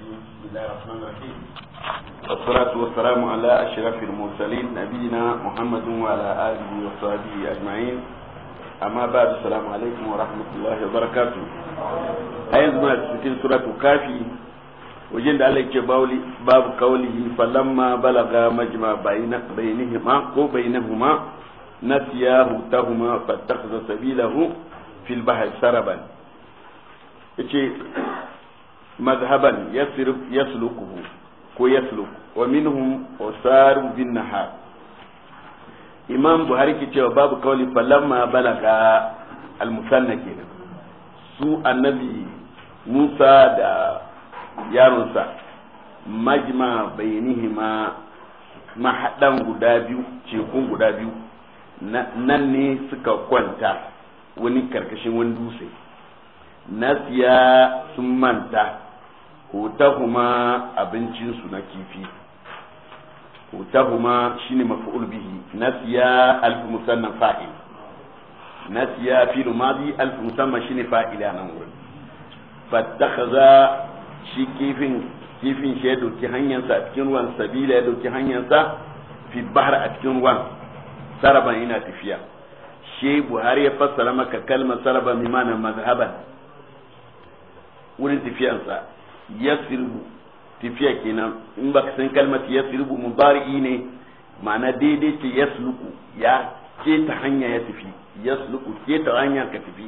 الرجيم والصلاة والسلام على أشرف المرسلين نبينا محمد وعلى آله وصحبه أجمعين أما بعد السلام عليكم ورحمة الله وبركاته أيضا ما تسكين سورة كافي وجن عليك باب قوله فلما بلغ مجمع بين بينهما بينهما نسيا هوتهما فاتخذ سبيله في البحر سربا mazhaban yaslukuhu ko yasluk wa minhum usaru bin nahar imam buhari ke cewa babu kauli falamma balaga al-musanna kenan su annabi musa da yaronsa majma bainihima mahadan guda biyu cekun guda biyu nan ne suka kwanta wani karkashin wani dutse nasiya sun manta hutahuma abincinsu na kifi hutahuma shine maf'ul bihi nasiya alf musanna fa'il nasiya fil madi alf musanna shine fa'ila nan wurin fattakhadha shi kifin kifin shi ya doki hanyarsa a cikin ruwan sabila ya doki hanyarsa fi bahar a cikin ruwan saraban ina tafiya shi buhari ya fassara maka kalmar saraban mimanin mazhaban wurin tafiyansa yasribu tafiya kenan in ba ka san kalmar yasribu mubari ne ma'ana daidai ce yasluku ya ke ta hanya ya tafi yasluku ke ta hanya ka tafi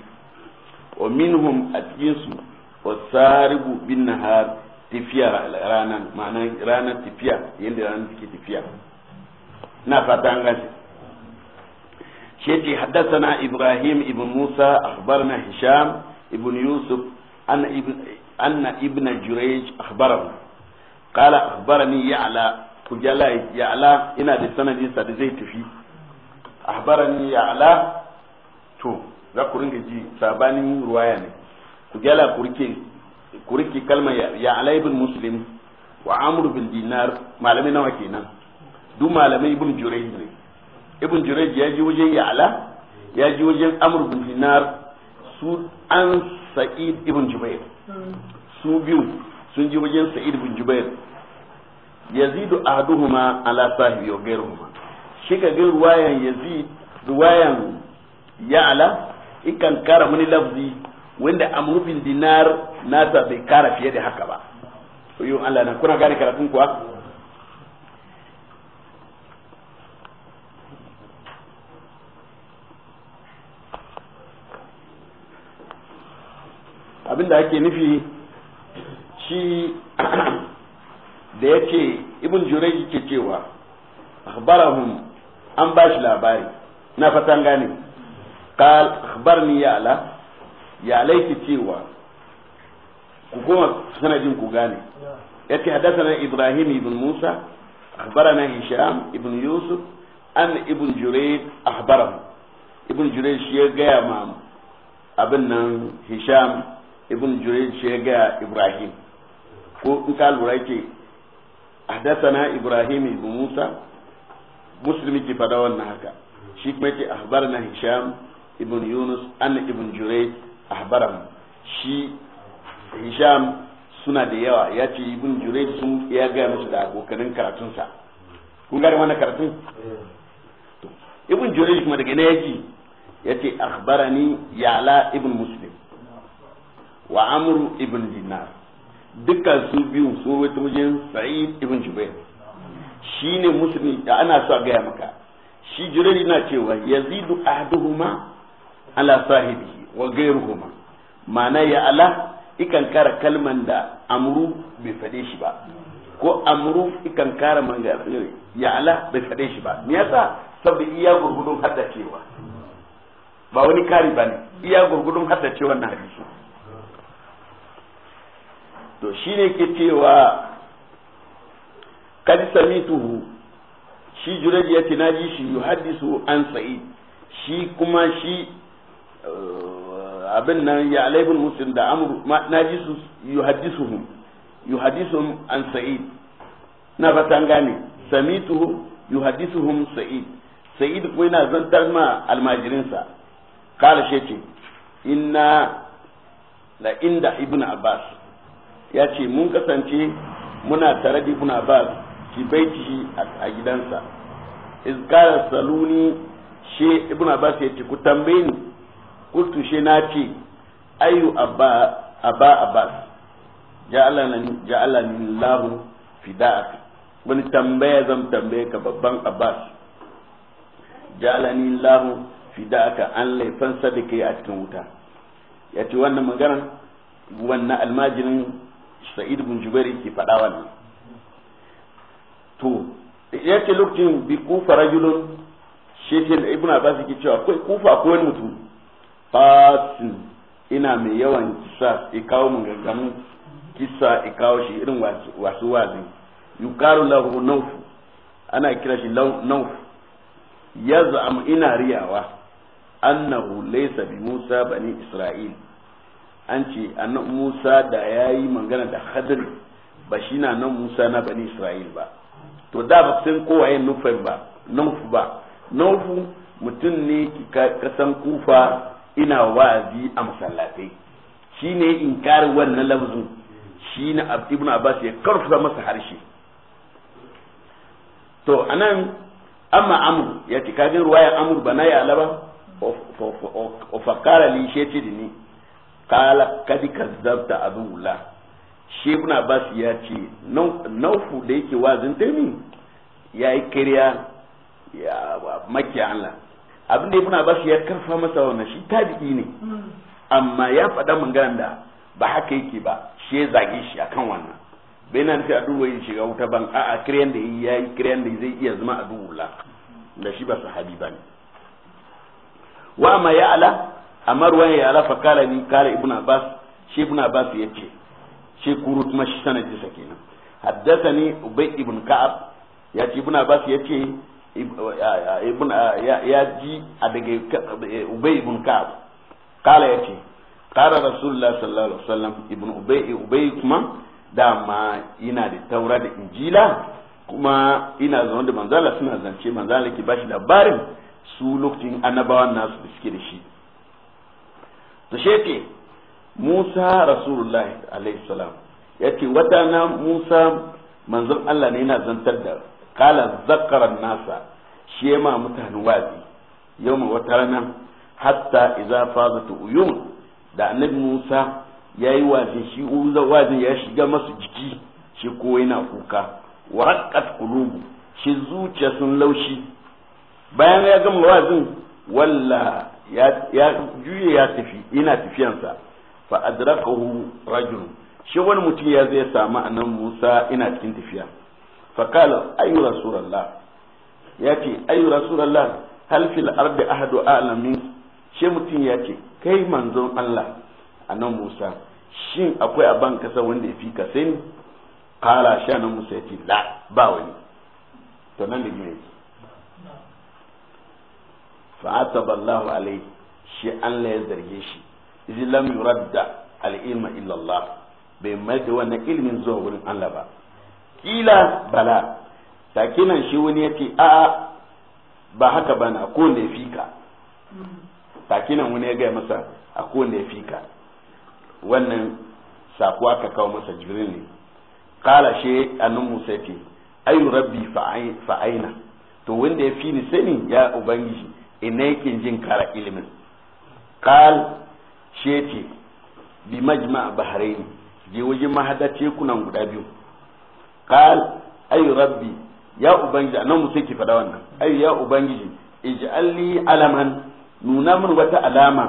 wa minhum a cikin su wasaribu bin nahar tafiya ranan ma'ana ranar tafiya yadda ranar take tafiya na fata an gashi شيتي حدثنا إبراهيم ابن موسى أخبرنا هشام ابن يوسف أن ابن anna ibn jurayj akhbarahu qala akhbarani ya'la kujala ya'la ina da sanadin sa da zai tafi akhbarani ya'la to za ku ringa ji sabanin ruwaya ne kujala kurke kurke kalmar ya'la ibn muslim wa amr bin dinar malami nawa kenan duk malamai ibn jurayj ne ibn jurayj ya ji wajen ya'la ya ji bin dinar su an sa'id ibn su biyu sun ji wajen sa'id bin jubair yazidu ahduhuma ala sahibi wa ghayruhuma shi ka ga ruwayan yazid ruwayan ya'la ikan kara mani lafzi wanda amrufin dinar nata bai kara fiye da haka ba yau Allah na kuna gane karatun kuwa abin da ake nufi shi da yake ibn jurai ke cewa akhbarahum an ba shi labari na fatan gane qal akhbarni ya ala ya alaiki cewa ku goma sanadin ku gane yace hadathana ibrahim ibn musa akhbarana hisham ibn yusuf an ibn jurai akhbarahum ibn jurai shi ya gaya ma abin nan hisham ibn jurayj shi ya ga ibrahim ko in ka lura yake hadathana ibrahim ibn musa muslimi ke fada wannan haka shi kuma yake ahbarna hisham ibn yunus an ibn jurayj ahbaram shi hisham suna da yawa ya ce ibn jurayj sun ya ga musu da abokanin karatunsa kun wannan karatun ibn jurayj kuma daga yace akhbarani ya'la ibn wa amru ibn dinar dukkan su biyu sun rawaito wajen sa'id ibn jubair shine musulmi da ana so a gaya maka shi jirari na cewa yazidu ahduhuma ala sahibi wa ghayruhuma ma'ana ya ala ikan kara kalman da amru bai fade shi ba ko amru ikan kara mangara ya ala bai fade shi ba me yasa saboda iya gurgudun cewa ba wani kari bane iya gurgudun cewa na hadisi to shi ne ke cewa kad samituhu shi jurayj ya tinaji shi yi yuhaddisu an sa'i shi kuma shi eh, abin nan ya alaibul musulun da amuru na ji su yi hun yuhaddisuhum yuhaddisuhum an sa'i na fatan gane samituhu sa'i sa'i da kuma yana zantar ma almajirinsa kala shi ce inna la inda ibn abbas ya ce mun kasance muna tare da ibn abbas ki baiti a gidansa iz saluni she ibn abbas ya ce ku tambaye ni kuntu she na ce ayu abba abba abbas ja'alani ja'alani lahu fida'ak wani tambaya zan tambaye ka babban abbas ja'alani lahu fida'aka an laifan sadaka a cikin wuta ya ce wannan magana wannan almajirin sa'id bin jubair yake faɗa wannan to ya ce lokacin bi kufa rajulun da ibn abbas yake cewa akwai kufa akwai wani mutum fasin ina mai yawan kisa ya kawo mun gaggamu kisa ya kawo shi irin wasu wazi yukaru lahu naufu ana kira shi naufu ya ina riyawa annahu laysa bi musa bani isra'il an ce annabi musa da ya yi magana da Khadir ba shi na nan musa na bani isra'il ba to da ba san kowa yin nufin ba nufu ba nufu mutum ne kasan kufa ina wa'azi a masallatai shi ne inkari wannan lafzin shi na ibn abbas ya karfafa masa harshe to anan amma amur ya ce kagin ruwayan amur ba na yi alaba ofakara li shi ce da ni kala kadi kazzabta abdullah shi ibn abbas ya ce naufu da yake wazin taimi ya yi kariya ya maki Allah abin da ibn abbas ya karfa masa wannan shi tabi'i ne amma ya faɗa magana da ba haka yake ba shi ya zage shi akan wannan bai nan nufi a duba yin shiga wuta ban a kiriyan da ya yi kiriyan da zai iya zama a duhula da shi ba sahabi ba ne wa ma ya ala amma ruwan ya alafa kala ni kala ibn abbas shi ibn abbas ya ce shi kurut kuma shi sanadi sake nan haddathani ubay ibn ka'ab ya ce ibn abbas ya ce ibn ya ji a daga ubay ibn ka'ab kala ya ce kala rasulullah sallallahu alaihi wasallam ibn ubay ubay kuma dama ina da taura da injila kuma ina zaune da manzala suna zance manzala ke bashi labarin su lokacin annabawan nasu da suke da shi to sheke Musa Rasulullah alaihi ya ce, wata na Musa manzon Allah ne yana zantar da kala zakaran nasa shi ma mutane wazi yau wata rana hatta idza ta uyun da annabi Musa yayi wazi shi uza wazi ya shiga masu jiki shi ko yana kuka wa kulubu, qulubu shi zuciya sun laushi bayan ya gama wazin walla ya juye ya tafi ina tafiyansa fa adrakahu rajul shi wani mutum ya zai samu anan Musa ina cikin tafiya fa qala ayu rasulullah yace ayu rasulullah hal fil ardi ahadu alamin shi mutum ya ce kai manzon Allah anan Musa shin akwai a ban kasa wanda ya fi ka sai qala sha nan Musa ya ce la ba wani to nan da yake fa'ataba Allahu alaihi shi Allah ya zarge shi idan lam yuradda al-ilma illa Allah bai mai da wannan ilimin zuwa wurin Allah ba kila bala takinan shi wani yace a a ba haka ba bana ko ne fika takinan wani ya ga masa a ko ne fika wannan sako ka kawo masa jibril ne kala she annun musa ce ayu rabbi fa'aina to wanda ya fi ni sani ya ubangiji ina yake jin kara ilimin qal sheti bi majma bahrain je wajen mahadace tekunan guda biyu qal ay rabbi ya ubangiji anan mu sai ki faɗa wannan ay ya ubangiji ij'alni alaman nuna min wata alama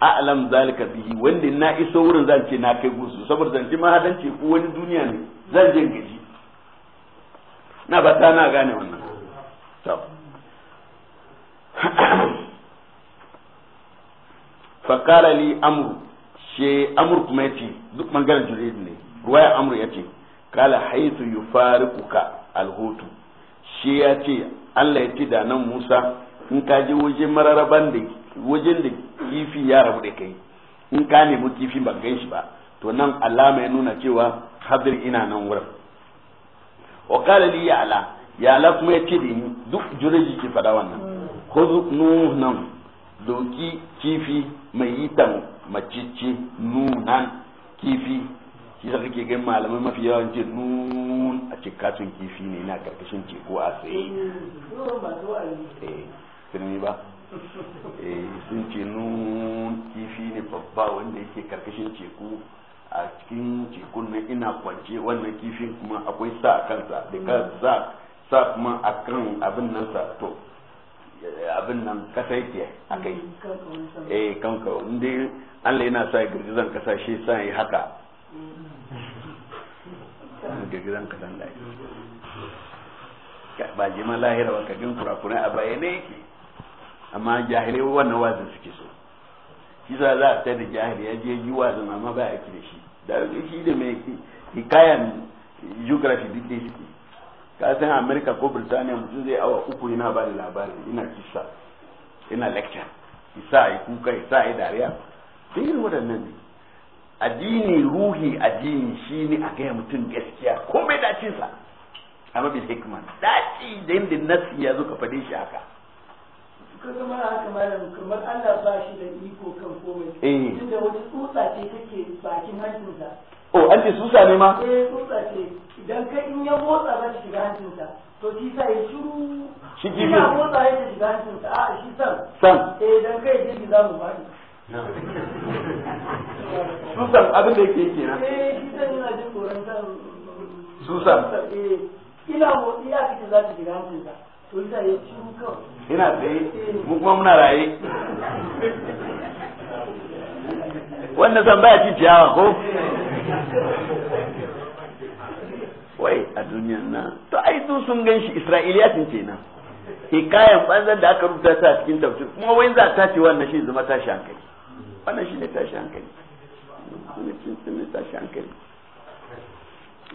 a'lam zalika bihi wanda na iso wurin zan ce na kai gusu saboda zan ji mahadance ko wani duniya ne zan je gaji na ba ta na gane wannan to fakala li amru she amru kuma yace duk maganar jurid ne ruwaya amru yace kala haythu yufariquka alhutu she ya Allah ya da nan Musa in ka je waje mararaban da wajen da kifi ya rabu da kai in ka nemi kifi ban gan shi ba to nan alama ya nuna cewa hadir ina nan wurin wa kala li ya'la ya'la kuma yace ce da ni duk jurid ke fada wannan khudh nunan doki kifi mai yitan macicci nunan kifi shi saka ke gan malamai mafi yawan ce nun a cikatun kifi ne na karkashin teku a tsaye eh sunni eh, ba eh sun ce nun kifi ne babba wanda yake karkashin teku a cikin tekun nan ina kwance wannan kifin kuma akwai sa a kansa da sa kuma akan abin nan sa to abin nan kasa yake akai mm, eh kanka inda Allah yana sa girgizan kasa shi sa yi haka mm. girgizan kasan da ba ji ma lahira ba kagin kurakurai a bayyane yake amma jahilai wannan wazin suke so shi sa za a ta da jahili ya je yi wazin amma ba a da shi da shi da mai hikayan geography duk da suke ka san america ko birtaniya mutum zai awa uku yana ba da labari ina kisa ina lecture isa ai kuka isa ai dariya duk irin waɗannan ne addini ruhi addini shine a gaya mutum gaskiya komai dacin sa amma bil hikma daci da inda nasi ya zo ka fade shi haka ka zama haka malam kamar Allah ba shi da iko kan komai eh. tunda wani tsotsa ce kake bakin hancinsa oh an ce susa ne ma eh susa ce idan kai in ya motsa ba shiga hancinta to shi sa ya shiru shi ki ya motsa ya shiga hancinta a shi san san eh idan kai yi ji za mu bani susan abin da yake kenan eh shi san yana jin tsoron san susan eh ina motsi ya kace za ta shiga hancinta to shi sa ya shiru kawai ina tsaye eh. mu kuma muna raye wannan zan baya ci ciyawa ko eh. wai a duniyan nan to ai su sun gan shi isra'iliyatin kenan hikayan banzan da aka rubuta ta cikin tafsir kuma wai za ta ce wannan shi zama tashi hankali wannan shi ne tashi hankali wani cin sun ne tashi hankali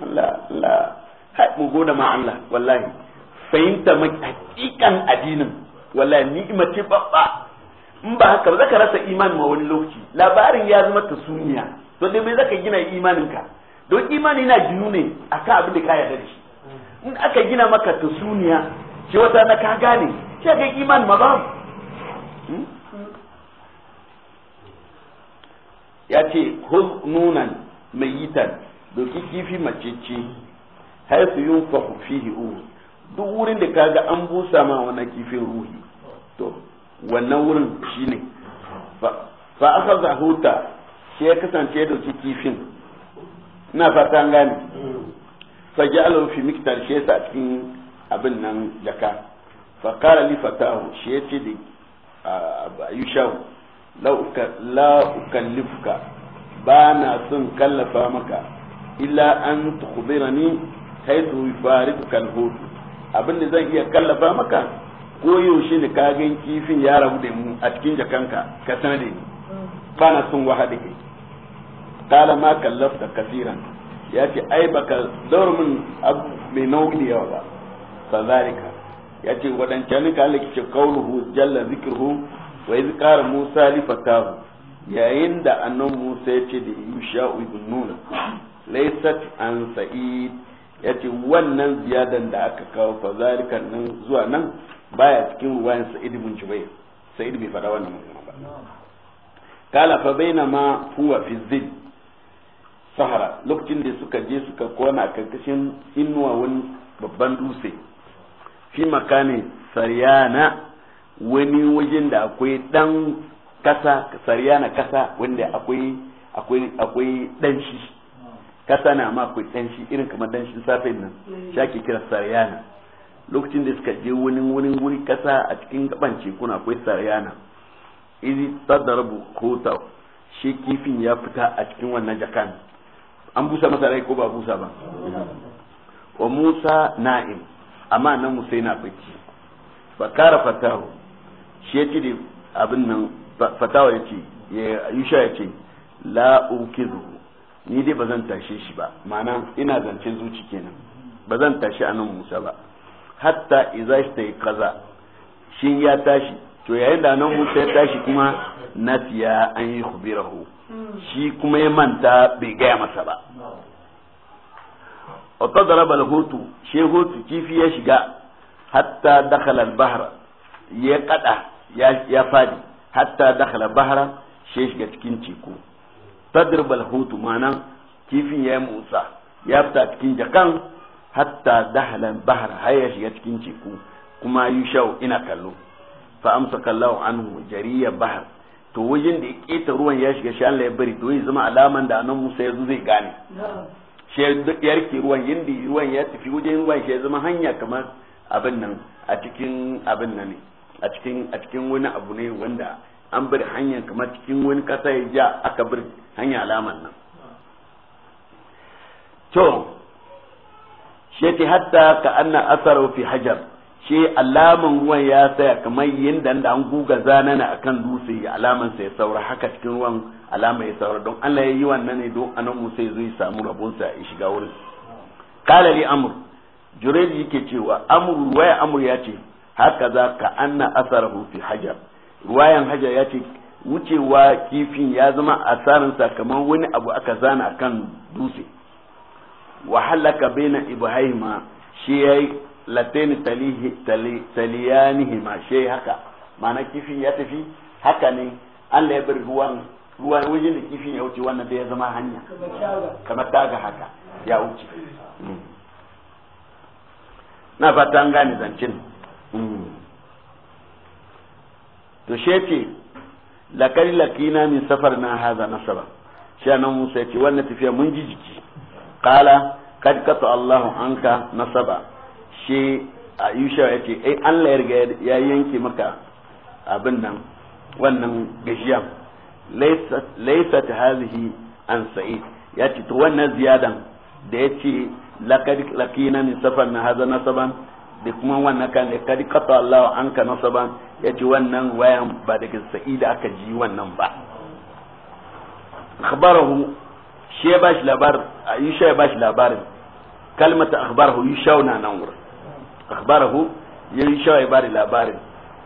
Allah Allah hai mu goda ma Allah wallahi fahimta maki hakikan addinin wallahi ni'ima ce babba in ba haka ba zaka rasa imani ma wani lokaci labarin ya zama tasuniya don dai me zaka gina imaninka don imani yana jinu ne akan abin da ka yarda da shi in aka gina maka suniya ce wata na ka gane shi ga iman ma ba hmm? ya ce huz nunan mai yitan doki kifi macece haifu yun fahu fihi uru duk wurin da kaga an busa ma wani kifin ruhi to wannan wurin shine fa aka zahuta sai ya kasance da su kifin na fata gani fage faji fi miktar shi yasa cikin abin nan jaka fakara li fatahu shi ya ce da yushau la ba na son kallafa maka illa an tukhbirani haythu yufariquka kan hud abin da zan iya kallafa maka ko yaushe ne kagen kifin ya rabu da mu a cikin jakanka ka sanar da ni ba na son wahada kai kala ma kallafta kafiran ya ce ai baka دور min abu من nauyi da yawa ba تي ya ce قال ka Allah ke kauluhu jalla zikruhu wa iz qara musa li fatahu yayin da annan musa ya ce da yusha ibn nun laysat an ya ce wannan ziyadan da aka kawo fazalikan nan zuwa nan baya cikin ruwayan sa'id ibn jubair sa'id bai fada wannan magana ba kala fa bainama huwa fi zil sahara lokacin da suka je suka kona karkashin inuwa wani babban dutse fi makanin saryana wani wajen da akwai dan kasa saryana kasa wanda akwai akwai akwai danshi kasa na ma akwai danshi irin kamar danshin safin nan ake kira saryana lokacin da suka je wani wani wuri kasa a cikin gaban kuna akwai saryana izi tadarabu hota shi kifin ya fita a cikin wannan jakan an busa masa rai ko ba busa ba wa Musa na'im amma nan Musa yana bacci fa kara fatahu shi yace da abin nan fatawa yace Yusha yace la ukizu ni dai bazan tashe shi ba ma'ana ina zancen zuci kenan bazan tashi nan Musa ba hatta idza shi kaza shi ya tashi to yayin da nan Musa ya tashi kuma nasiya an yi khubirahu hmm. shi kuma ya manta bai gaya masa ba wata daraba hutu she hutu kifi ya shiga hatta dakhala bahra ya kada ya fadi hatta dakhala bahra she shiga cikin ciku tadribal hutu ma'ana kifin ya musa ya fita cikin jakan hatta dakhala bahar bahra har ya shiga cikin ciku kuma yushau ina kallo fa amsa kallahu anhu jariya bahar to wajen da ya keta ruwan ya shiga shi Allah ya bari to ya zama alaman da anan Musa yanzu zai gane shi ruwan yindi ruwan ya tafi wajen ruwan shi ya zama hanya kamar abin nan a cikin abin nan ne a cikin a cikin wani abu ne wanda an bar hanyar kamar cikin wani kasa ya ja aka bar hanya alaman nan to shi hatta ka anna asaru fi hajar ce alaman ruwan ya tsaya kamar yin da an guga zana na akan dutse alaman sai saura haka cikin ruwan alama ya saura don Allah ya yi wannan ne don anan Musa ya zo samu rabonsa ya shiga wurin kala li amr jurayj yake cewa amr waya amr ya ce haka za ka anna asarahu fi hajar ruwayan hajar ya ce wucewa kifin ya zama sa kamar wani abu aka zana akan dutse wa halaka baina ibrahima shi yayi latin taliyanihi ma she haka ma'ana kifin ya tafi haka ne Allah ya bar ruwan ruwan wajen da kifin ya wuce wannan da ya zama hanya kamar daga haka ya wuce na fata an gane zancin to she ce lakari lakina min safar na haza nasaba shi nan musa ya ce wannan tafiya mun ji jiki kala kad kasa Allahu anka nasaba shi a yusha ya ce ai eh, Allah ya riga ya yanke maka abin nan wannan gajiya laisa ta hazihi an sa'i ya ce to wannan ziyadan da ya ce lakina ni safan na haza nasaban da kuma wannan kan da kadi kata Allah an ka nasaban ya ce wannan wayan ba daga sa'i da aka ji wannan ba akhbarahu shi ya bashi labar yusha ya bashi labarin kalmata akhbarahu yusha na nan wurin akhbarahu yayi shawai bari labarin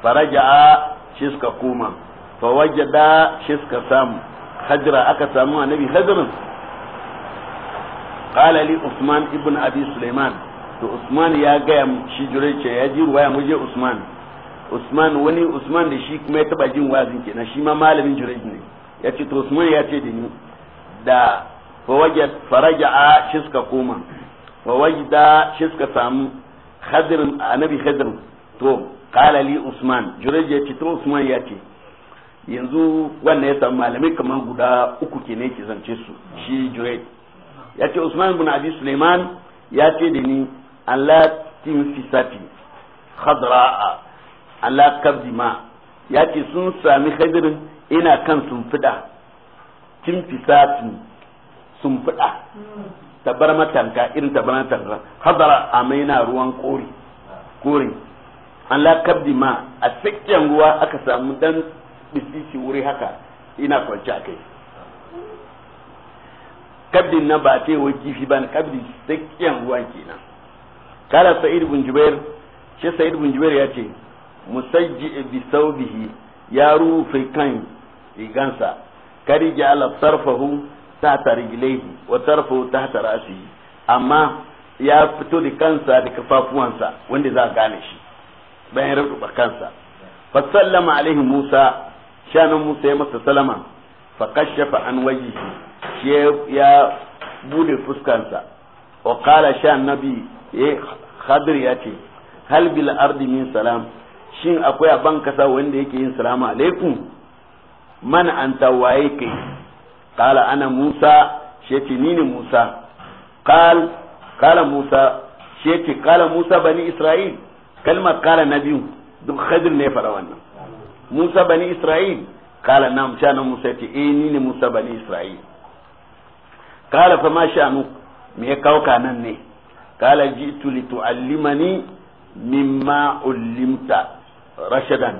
faraja shi suka koma fawajada shi suka samu hajra aka samu annabi hajrin qala li usman ibn abi sulaiman to usman ya gaya shi jurece ya ji ruwaya muje usman usman wani usman da shi kuma ya taba jin wazin kenan shi ma malamin jurej ne ya ce to usman ya ce da ni da faraja shi suka koma fawajida shi suka samu hadir annabi hadir to kala li usman jurej ya ce to usman yanzu wannan ya samu malamai kamar guda uku ke ne ke zance su shi jurej ya ce usman bin abi suleiman ya ce da ni allah tin fisati khadra'a ala kabdi ya ce sun sami hadirin ina kan sun fida tin fisati sun fida tabarma tanka irin tabarma tanka hadara amaina ruwan kori kori an la kabdi ma a tsakiyar ruwa aka samu dan bisisi wuri haka ina kwanci akai kabdin na ba ce wai kifi ba kabdi tsakiyar ruwan kenan kala sa'id bin jubair shi sa'id bin jubair ya ce musajji bi saubihi ya rufe kan igansa kari ja ala sarfahu tahta rijlaihi wa tarfu tahta ra'sihi amma ya fito da kansa da kafafuwansa wanda za a gane shi bayan rubuta kansa fa sallama alaihi Musa shanan Musa ya masa salama fa kashafa an wajihi shi ya bude fuskansa wa qala shan nabi ya khadir ya ce hal bil ardi min salam shin akwai a ban kasa wanda yake yin salamu alaikum man anta waye kai kala ana musa shi yace ni ne musa kal musa shi yace kala musa bani isra'il kalmar kala na biyu duk khadir ne fara wannan musa bani isra'il kala nam sha nan musa yace eh ni ne musa bani isra'il kala fa ma me ya kawo nan ne kala jitu litu'allimani mimma ullimta rashadan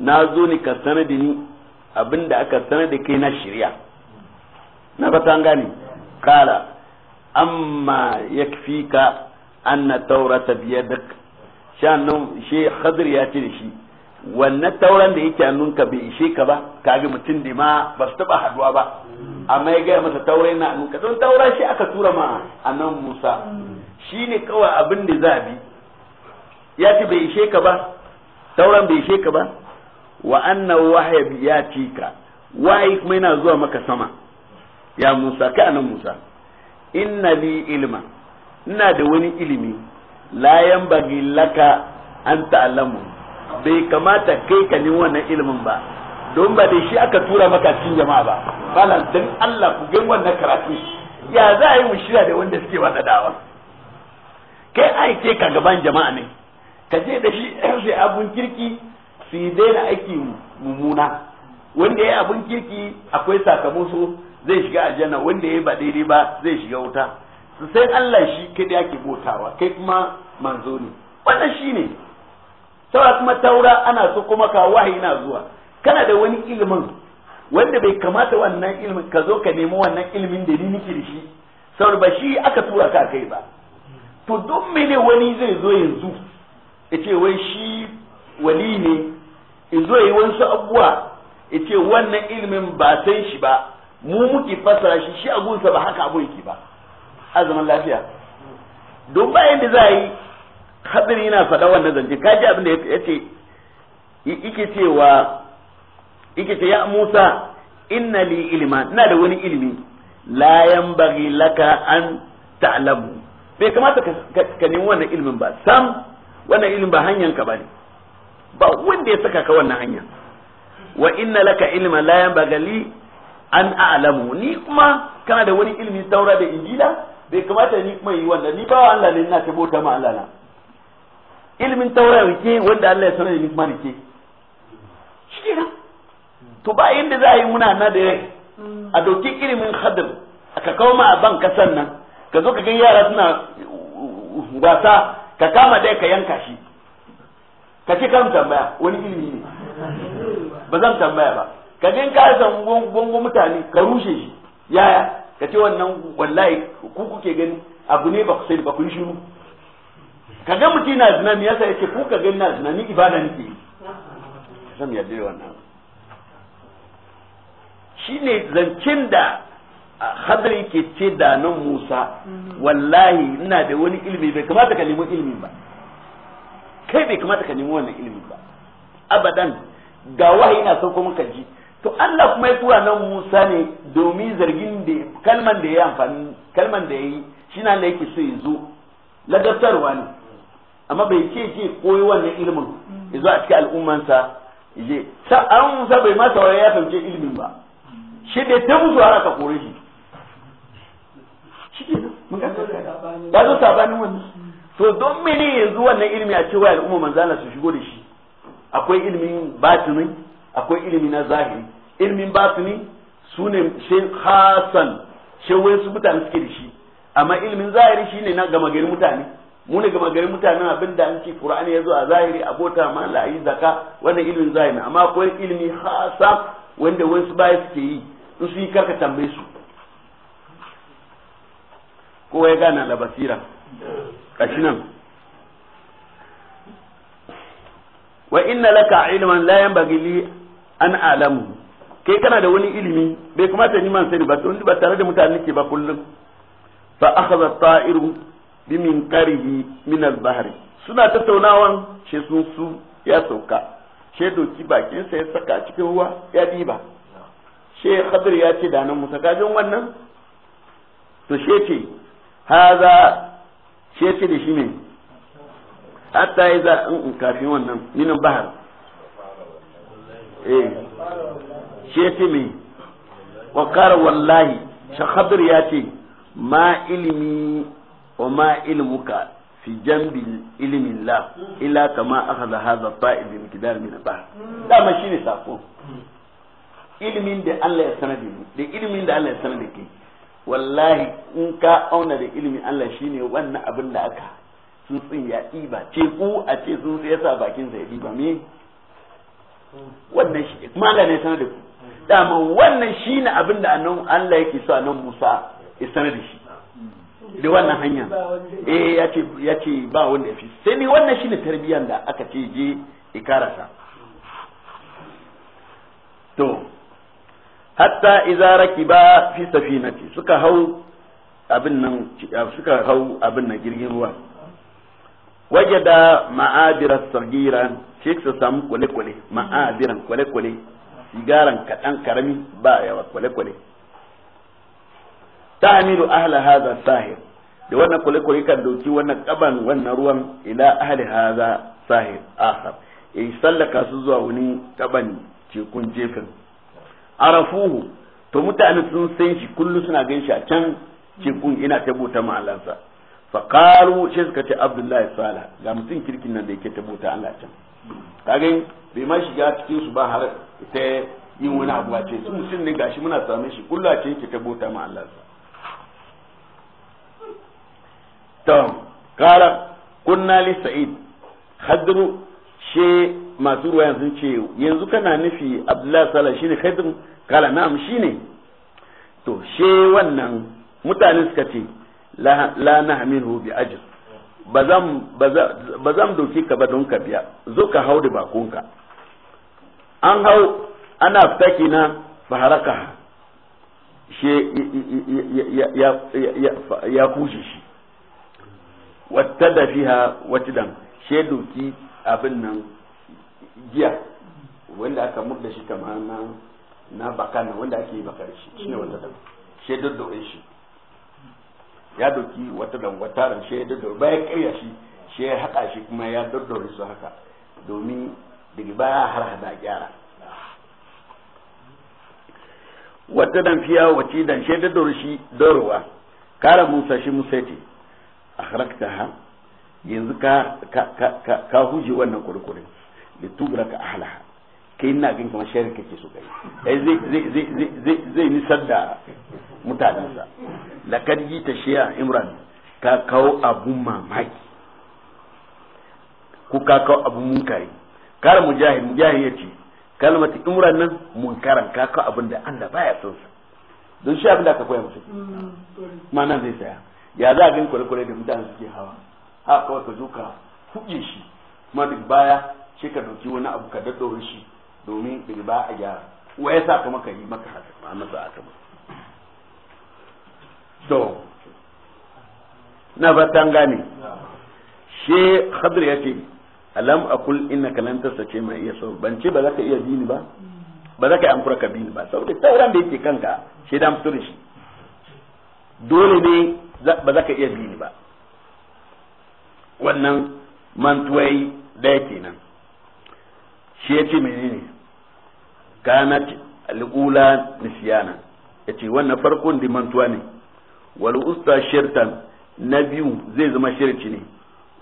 na zo ni ka sanar da ni abinda aka sanar da kai na shirya na ba ta gane kala amma ka anna taurata biyadak shanun shi khadir ya ce shi wannan tauran da yake ka bai ishe ka ba kage mutum da ma ba su taba haduwa ba amma ya gaya masa taurai na ka don taura shi aka tura ma annan musa shine kawai abin da za bi ya ce bai ishe ka ba tauran bai ishe ka ba wa annan wahaya ya ci ka wahayi kuma yana zuwa maka sama ya Musa ka anan Musa inna li ilma ina da wani ilimi la'yan bagi laka an ta'lamu bai kamata kai ka ni wannan ilimin ba don ba da shi aka tura maka cikin jama'a ba malam dan Allah ku ga wannan karatu ya za a yi shirya da wanda suke wada dawa kai aike ka gaban jama'a ne ka je da shi sai abun kirki su daina aiki mummuna wanda ya abun kirki akwai sakamako zai shiga aljanna wanda yayi ba daidai ba zai shiga wuta su sai Allah shi da ake botawa kai kuma manzo ne wannan shine saura kuma taura ana so kuma ka wahayi na zuwa kana da wani ilimin wanda bai kamata wannan ilimin ka zo ka nemi wannan ilimin da ni nake da shi saboda ba shi aka tura ka kai ba to duk ne wani zai zo yanzu ya ce wai shi wali ne in zo yi wasu abuwa ya ce wannan ilimin ba san shi ba mu muke fasara shi shi abunsa ba haka abu yake ba a zaman lafiya don bayan da za a yi hadari yana faɗa wannan zance ka ji abin da ya ce yake cewa yake ce ya Musa inna li ilma ina da wani ilimi la yanbaghi laka an ta'lamu bai kamata ka nemi wannan ilimin ba sam wannan ilimin ba hanyar ka bane ba wanda ya saka ka wannan hanya wa inna laka ilma la yanbaghi an a'lamu ni kuma kana da wani ilmi taura da injila bai kamata ni kuma yi wannan ni ba Allah ne ina ta ma Allah na ilmin taura rike wanda Allah ya sanar da ni kuma rike shi to ba inda za a yi muna na da a doki ilimin hadir ka kawo ma a ban kasan nan ka zo ka ga yara suna wasa ka kama dai ka yanka shi ka ce kan tambaya wani ilimi ne ba zan tambaya ba ka ka san gongo mutane ka rushe shi yaya ka ce wannan wallahi ku kuke gani abu ne ba ku sai ba ku shiru ka ga mutum na zina me yasa yake ku ka gani na zina ni ibada ne ke zan yarda da wannan shine zancin da hadari ke ce da nan Musa mhm. wallahi ina da wani ilimi bai kamata ka nemi ilimin ba kai bai kamata ka nemi wannan ilimin ba abadan ga wahayi na sauko maka ji to Allah kuma ya tura nan Musa ne domin zargin da kalman da ya amfani kalman da ya yi shi na da yake so ya zo ladabtarwa ne amma bai ce ce koyi wannan ilimin ya zo a cikin al'ummansa je sa an Musa bai ma saurari ya fahimci ilimin ba shi da ta musu har aka kore shi ya zo sabanin wannan to don mene yanzu wannan ilimi a cewa al'umma manzana su shigo da shi akwai ilimin batinin akwai ilimi na zahiri ilimin batini su ne hasan shi su mutane suke da shi amma ilimin zahiri shine na gama gari mutane mu ne gama gari mutanen abin da an ce qur'ani ya zo a zahiri a bota ma la yi zaka wannan ilimin zahiri amma akwai ilimi hasa wanda wasu baya suke yi in su yi karka tambaye su kowa ya gana da basira kashi nan wa inna laka ilman la yanbaghi li an alamu kai kana da wani ilimi bai kamata ni man sani ba to ba tare da mutane ke ba kullum fa akhadha ta'iru bi min qarihi min al-bahri suna tattaunawan she sun su ya sauka she doki bakin sa ya saka cikin ruwa ya diba she khadir ya ce danan musa kajin wannan to she ce haza she ce da shi ne hatta iza in kafin wannan minan bahar eh shi yace me wa qara wallahi ya ce ma ilimi wa ma ilimuka fi jambi ilimin la ila kama aka hadha ilimin bi da mina ba dama shine sako ilimin da Allah ya sanar da mu da ilimin da Allah ya sanar da ke wallahi in ka auna da ilimin Allah shine wannan abin da aka tsuntsun ya ɗiba ce ku a ce tsuntsun ya sa bakin sa ya ɗiba me wannan shi malamin sanar da ku dama wannan shi ne abin da annan Allah yake so annan Musa ya sanar da shi da wannan hanya eh yace yace ba wanda ya fi sai ni wannan shi ne tarbiyyar da aka ce je ikarasa to hatta idza rakiba fi safinati suka hau abin nan suka hau abin nan jirgin ruwa wajada ma'adira sagiran shi su samu kwale-kwale ma'adiran kwale-kwale sigaran kaɗan karami ba yawa kwale-kwale ta amiru ahla haza sahir da wannan kwale-kwale kan dauki wannan kaban wannan ruwan ila ahli haza sahir akhar in sallaka su zuwa wani kaban cikun jefin arafuhu to mutane sun san shi kullu suna gan shi a can tekun ina ta bota ma'alansa fa qalu shi suka ce abdullahi salih ga mutum kirkin nan da yake ta bota Allah can kage bai ma shiga cikin su ba har ta yi wani abu a ce su sun ne gashi muna same shi kulla ce yake ta bota ma Allah to kala kunna li sa'id khadru she masu ruwa yanzu ce yanzu kana nufi abdullahi sala shine khadru kala na'am shine to she wannan mutane suka ce la nahmilu bi ajr ba zan doki ka ba don ka biya zo ka hau da bakonka an hau ana fitaki na faharaka she ya kushe shi wata da fiha wata dam doki abin nan giya wanda aka murda shi kama na bakana wanda ake yi bakar shi shi ne wata dam shi doddoe shi ya doki wata dangwataran shi ya daddore bayan karya shi shi ya haɗa shi kuma ya daddore su haka domin daga baya har hada gyara wata fiya wace dan shi ya shi dorowa kara musa shi musa ce a ha yanzu ka huje wannan kurkurin da ka ahlaha kai ina gan kamar ka kake so kai zai nisar da mutanensa lakad ji ta shiya imran ka kawo abun mamaki ko ka kawo abun munkari kar mujahid mujahid ya ce kalmata imran nan munkaran ka kawo abun da Allah baya son sa don shi abin da ka koya musu ma'ana zai saya ya za a gani kwale-kwale da mutane suke hawa ha kawai ka zo ka kuɗe shi kuma duk baya shi ka ɗauki wani abu ka daddore shi domin riba a gyara wa ya sa kuma ka yi maka haka a masa haka to na fatan gane she khadir ya ce alam akul innaka lan tasace mai iya sau ban ce ba za ka iya bini ba ba za ka yi amfura ka bini ba saboda tauran da yake kanka shi dan fito da shi dole ne ba za ka iya bini ba wannan mantuwai da yake nan shi ya ce menene kanat al'ula nisyana yace wannan farkon da mantuwa ne wal usta shirtan na biyu zai zama shirci ne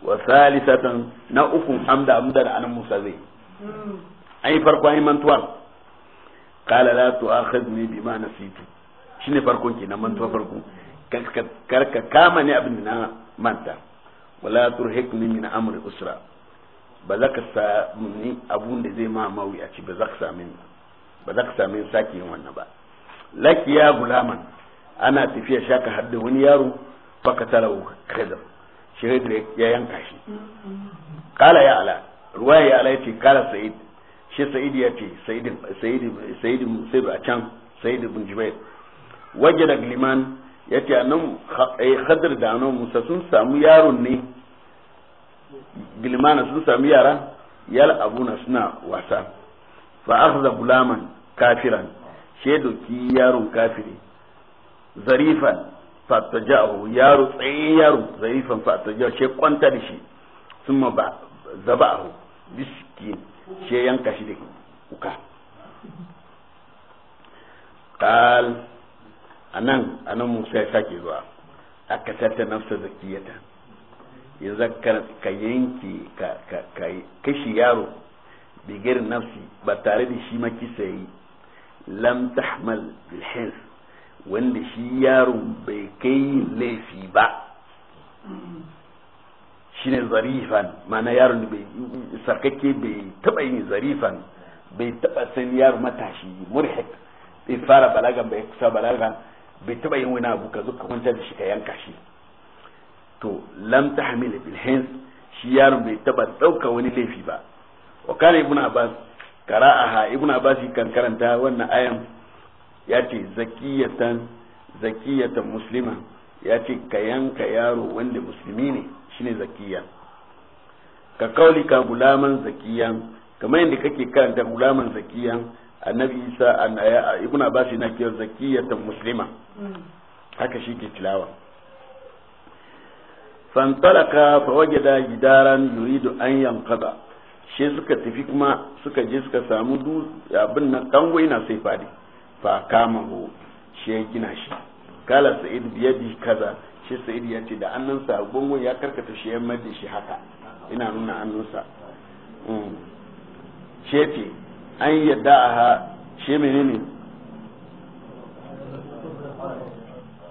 wa salisatan na uku amda amda da anan musa zai hmm. ai farko ai mantuwa qala la tu'akhidni bima nasitu shine farkon kenan mantuwa hmm. farko karka kama ne na manta wala turhikni min amri usra ba za ka sa ni abun da zai ma mawuyaci ba za ka same ni ba za ka sami sake yin wannan ba laki ya gulaman ana tafiya shaka har da wani yaro baka tara kaza shi ya yanka shi kala ya ala ruwa ya ala yace kala sa'id shi sa'id ya ce sa'id sa'id sa'id sai a can sa'id bin jubair waje da gliman yace annan khadir eh, da annan musa sun samu yaron ne gliman sun samu yara yal abuna suna wasa fa akhadha gulaman kafiran shedo ki yaron kafiri zarifan fatajahu yaro tsaye yaro zarifan fatajahu she kwanta da shi summa ba zabahu biski she yanka shi da kuka qal anan anan Musa ya sake zuwa aka tata nafsa zakiyata yanzu ka yanke ka kashi yaro bigir nafsi ba tare da shi maki sayi lam tahmal bil hins wanda shi yaron bai kai laifi ba shine zarifan mana yaron da bai sarkake bai taba yin zarifan bai taba san yaro matashi murhik bai fara balagan bai kusa balagan bai taba yin wani abu ka zo ka kwanta da shi ka yanka shi to lam tahmil bil hins shi yaron bai taba dauka wani laifi ba wa kana ibn abbas qara'aha ibn abbas kan karanta wannan ayan yace ce zakiyatan zakiyatan muslima ya ce ka yanka yaro wanda musulmi ne shine zakiya ka kauli ka gulaman zakiyan kamar yadda kake karanta gulaman zakiyan annabi isa annaya ibn abbas na kira zakiyatan muslima haka shi ke tilawa fantalaka fa wajada gidaran yuridu an yanqada she suka tafi kuma suka je suka samu abin nan kango na sai fadi fa kama ho shi ya gina shi kala sa'id biyadi kaza shi sa'id ya ce da sa gongo ya karkata shi ya madi shi haka ina nuna annansa mm. shi ce an yadda a ha shi menene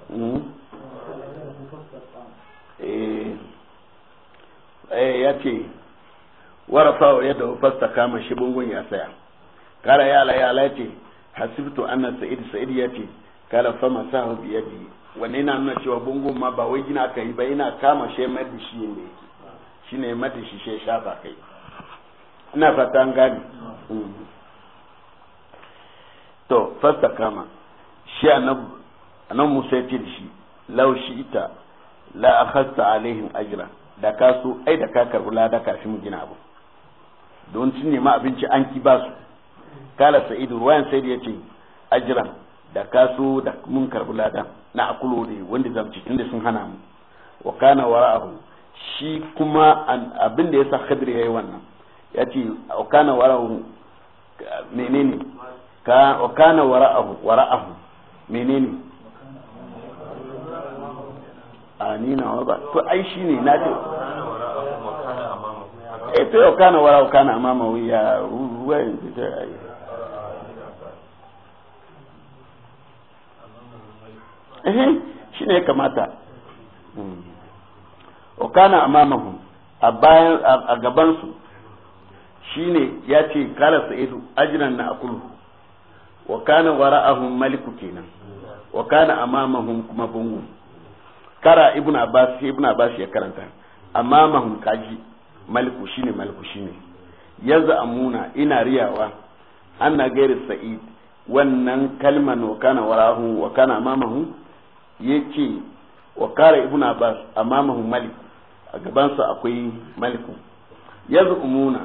mm. eh. eh ya ce warafa wa yadda fasta kama shi bungun ya saya kala ya la ya la ce hasibtu anna sa'id sa'id ya ce kala fa masahu bi yadi wanne yana nuna cewa bungun ma ba wai gina kai ba ina kama shi mai da shi ne shine mai da shi shi shafa kai ina fata an gane mm. to fasta kama shi annabi Musa ya ce da shi law ita la akhadta alaihim ajra da ka ai da ka karbi lada kafin gina abu don sun nemi abinci an ki ba su kala sa'idu ruwayan sa'idu ya ce ajiran da kaso da mun karbi ladan na akulo ne wanda zan tun tunda sun hana mu wa kana wara'ahu shi kuma abin da yasa khadir yayi wannan ya ce wa kana wara'ahu menene ka wa kana wara'ahu wara'ahu menene a ni na ba to ai shine na ce eh to yau kana wara kana mama wuya wayan ta rayu eh shi ne kamata hmm. o kana amamahum a bayan a gaban su ne ya ce kala su sa'idu ajran na akulu wa kana wara wara'ahum maliku kenan wa kana a mamahun kuma bungu kara ibnu abbas ibnu abbas ya karanta a mamahun kaji malku shine malku shine yanzu amuna ina riyawa anna gairu sa'id wannan kalma wa kana warahu wa kana mamahu yace wa kara ibnu abbas amamahu malik a gabansa akwai malikun yanzu umuna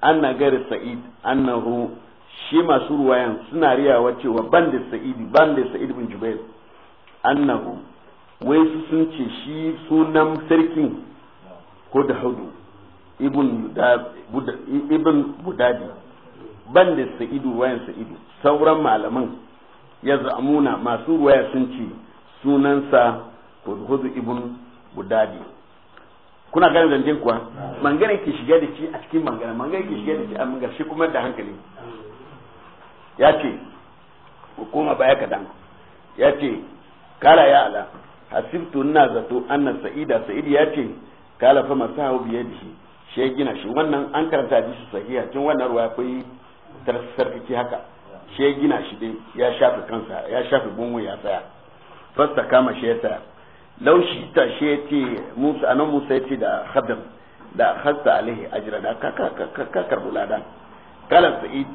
anna gairu sa'id annahu shi masu ruwayan suna riyawa cewa ban da bande ban da sa'id bin jubair annahu wai su sun ce shi sunan sarkin ko da hudu ibn budadi ban da sa'idu wayan sa'idu sauran malaman ya zamuna masu ruwaya sun ce sunansa hudu ibn budadi kuna gane zancen kuwa mangana ke shiga da ci a cikin mangana mangana ke shiga da ci a mangana shi kuma da hankali ya ce hukuma baya kadan ya ce kala ya ala hasibtu ina zato anna sa'ida saidi ya ce kala fa masahu biyadihi shi ya gina shi wannan an karanta hadisi sahiha tun wannan ruwa akwai sarkaki haka shi ya gina shi dai ya shafi kansa ya shafi bungu ya tsaya fasta kama shi ya tsaya laushi ta shi ya ce musa anan musa ya ce da khadir da hasta alaihi ajira da ka karbu lada kalan sa'id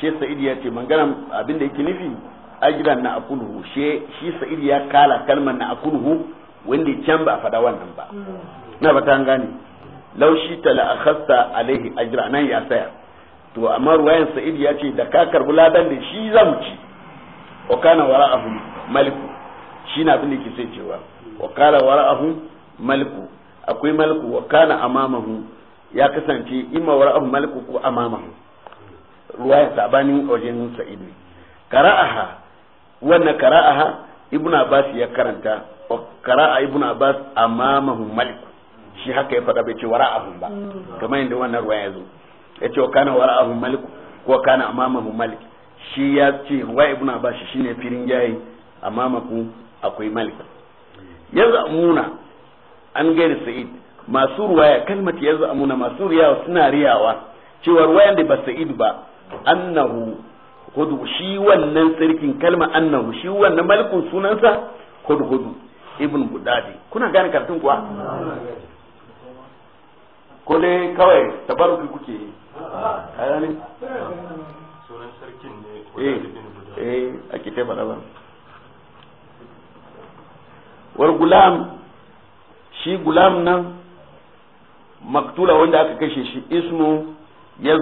shi sa'id ya ce mangana abin da yake nufi ajiran na akuluhu shi sa'id ya kala kalman na akuluhu wanda can ba fada wannan ba mm. na ba ta gane laushi ta la'akhasta alaihi ajra nan ya saya to amma ruwayan sa'id ya ce da ka karbi ladan da shi zamu ci wa kana wara'ahu Malik shi na abin da sai cewa wa kana wara'ahu Malik akwai maliku wa kana amamahu ya kasance imma wara'ahu Malik ko amamahu ruwayan sabanin wajen sa'id ne kara'aha wannan kara'aha ibnu abbas ya karanta wa kara'a ibnu abbas amamahu Malik. shi haka ya faɗa bai ce wara ahun ba mm. kamar yadda wannan ruwa ya zo ya ce wa kana wara ahun malik ko kana hun malik shi ya ce ruwa ibn abbas shine firin yayi ku akwai malik yanzu amuna an gani sa'id masu ruwaya kalmati yanzu amuna masu riyawa suna riyawa cewa ruwayan da ba sa'id ba annahu hudu shi wannan sarkin kalma annahu shi wannan malikun sunansa hudu hudu ibn budadi kuna gane karatun kuwa mm. ko dai kawai tabaruki kuke yi a ah. yanin sunan sarkin ne eh, eh ake ba war gulam shi gulam nan maktula wanda aka kashe shi ismu ya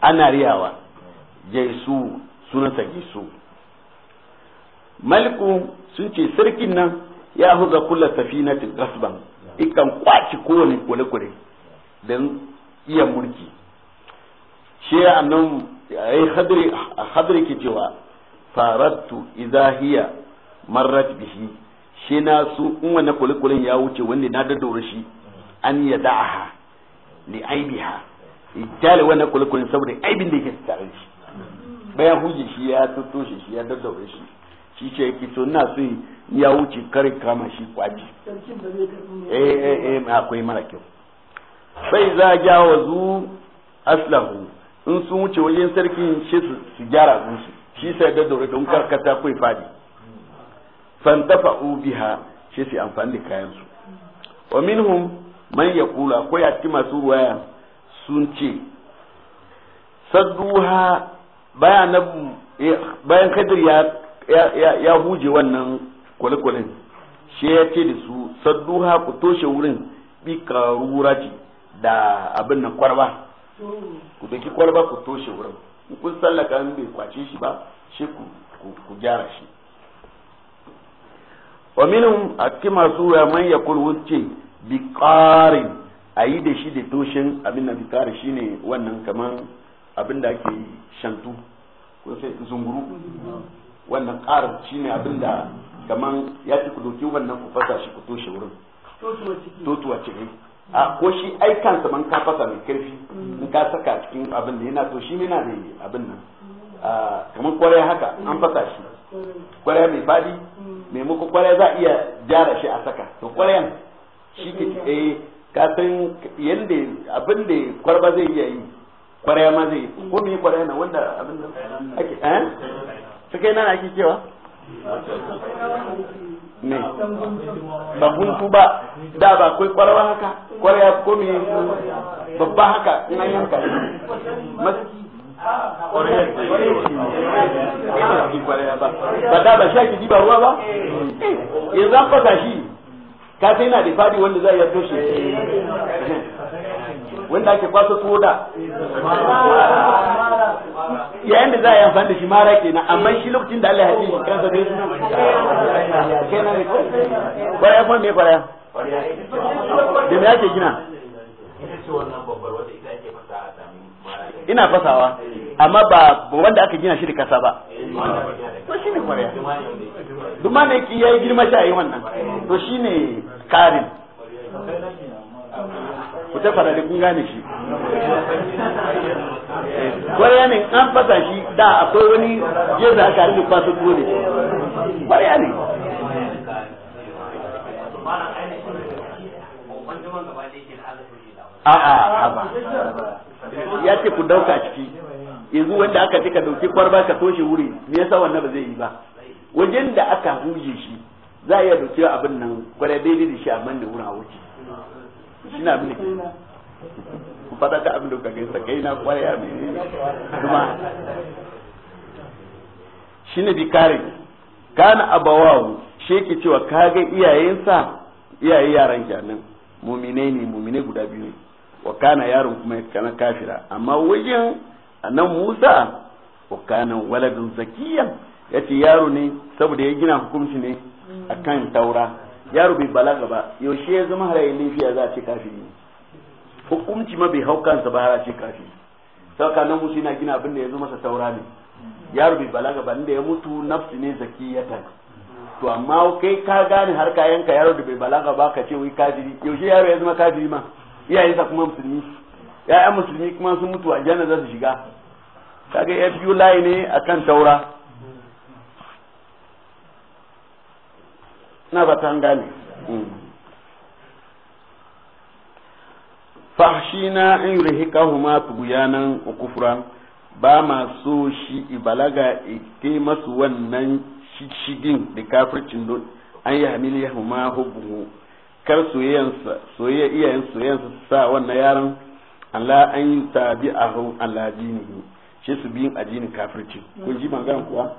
ana riyawa jaisu sunansa jaisu maliku sun ce sarkin nan ya huza na safinatin gasban ikan kwaci kowane kwale-kwale don iya mulki shi annan ai hadri ke cewa farattu idza hiya marrat bihi shi na su in wannan kulikulin ya wuce wanda na daddore shi an ya da'aha li aibiha itali wannan kulikulin saboda aibin da yake tare shi bayan huji shi ya tattoshe shi ya daddaure shi shi ce yake to ina so ya wuce kare kama shi kwaji eh eh eh akwai mara kyau sai za gya wa zu aslahu in sun wuce wajen sarki shi su gyara su shi sai da daure don karkata kai fadi fantafa'u biha shi su amfani da kayan su wa minhum man yaqulu akwai atti masu ruwaya sun ce sadduha bayan eh, bayan kadir ya ya huje wannan kwalekwalen shi ya ce da su sadduha ku toshe wurin bi karuraji da abin nan kwarba ku daki kwarba ku toshe wurin in kun sallaka in bai kwace shi ba shi ku gyara shi wa minhum akki masu ya man yakul wuce bi qarin ayi da shi da toshin abin nan bi shine wannan kaman abin da ake shantu ko sai zunguru wannan qarin shine abin da kaman ya ci ku doki wannan ku fasa shi ku toshe wurin totuwa cikin. a ko shi ai kansa man ka fasa mai karfi in ka saka cikin abin da yana to shi ne na yi abin nan kamar kwarai haka an fasa shi kwarai mai fadi muku kwarai za a iya gyara shi a saka to kwarai shi ke eh ka san yanda abin da kwarba zai iya yi kwarai ma zai ko me kwarai na wanda abin nan ake eh sai nan ake cewa ne ba guntu ba da ba kai kwarwa haka kwarya ko me babba haka in an yanka ba da ba diba ruwa ba eh, yanzu an fasa shi ka sai na da fadi wanda za a toshe wanda ake kwaso soda yayin da za a yi amfani da shi mara kenan amma shi lokacin da Allah ya shi kansa dai kenan ne kwaraya kuma me kwaraya da me ake gina ina fasawa amma ba wanda aka gina shi da kasa ba to shi ne kwarya duk ma ne ki yayi girma shi a yi wannan to shi ne karin ku ta fara da kun gane shi kwarya ne an fasa shi da akwai wani yadda aka rinda kwaso tuwo ne kwarya ne a ba ya ce ku dauka ciki yanzu wanda aka cika ka dauki kwarba ka toshe wuri me yasa wannan ba zai yi ba wajen da aka huje shi za a iya dauki abin nan kwarai daidai da shi a manne wurin a wuce shine abin da ku fada ka abin da kuka gaisa kai na kwaya mai kuma shine bi kare kana abawawu shi yake cewa kaga iyayensa iyaye yaran kenan mumine ne mumine guda biyu ne wa kana yaron kuma kana kafira amma wajen annan Musa wa kana waladun zakiyan yace yaro ne saboda ya gina hukunci ne akan taura yaro bai balaga ba yaushe ya zama harayi laifiya za a ce kafin ne hukunci ma bai hau kansa ba har a ce kafiri sauka nan musu yana gina abin da ya zama sa saura ne yaro bai balaga ba inda ya mutu nafsi ne tan to amma kai ka gane har ka yanka yaro da bai balaga ba ka ce wai kafiri yaushe yaro ya zama kafiri ma iyayensa kuma musulmi ya'yan musulmi kuma sun mutu a jana za su shiga kaga ya biyu layi ne akan taura na ba ta gane mm. na in rihikahuma tuguyanan kufran ba ma so shi ibalaga ite masu wannan shigin da kafircin don an yi hamili ya huma hubbuhu kar soyayyansa soyayya iyayen soyayyansa sa wannan yaron ala an yi tabi a hau aladini dinihi shi su biyin ajinin kafircin kun ji maganar kuwa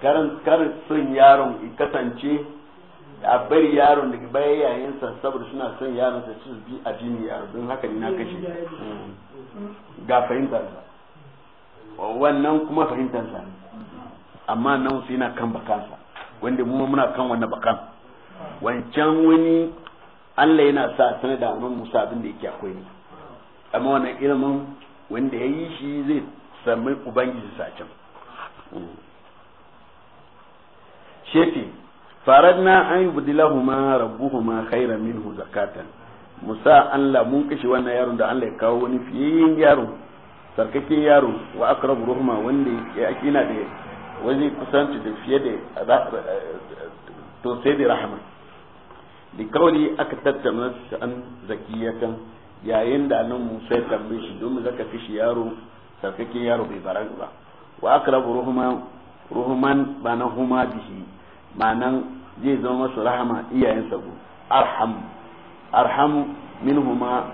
karin karin son yaron kasance a bari yaron daga baya yayansa saboda suna son yaron sa su bi addini yaro don haka ni na kashe hmm. ga fahimtar sa wannan kuma fahimtar sa amma nan sai na kan bakansa wanda mu muna kan wannan bakan wancan wani Allah yana sa sanar da annabi Musa abin da yake akwai ne amma wannan ilimin wanda ya yi shi zai sami ubangiji sa can hmm. shefi faradna an yi yubdilahuma rabbuhuma khairan minhu zakatan musa Allah mun kashe wannan yaron da Allah ya kawo wani fiye yaro sarkakken yaro wa akrabu ruhuma wanda yake yana da wani kusanci da fiye da to sai da rahama da kawai aka tattauna an zakiyatan yayin da nan musa ya tambaye shi domin zaka kashe yaro sarkakken yaro bai baran ba wa akrabu ruhuma ruhuman ba na huma bihi ma'anan zai zama masu rahama iyayensa sabu arham arham minhuma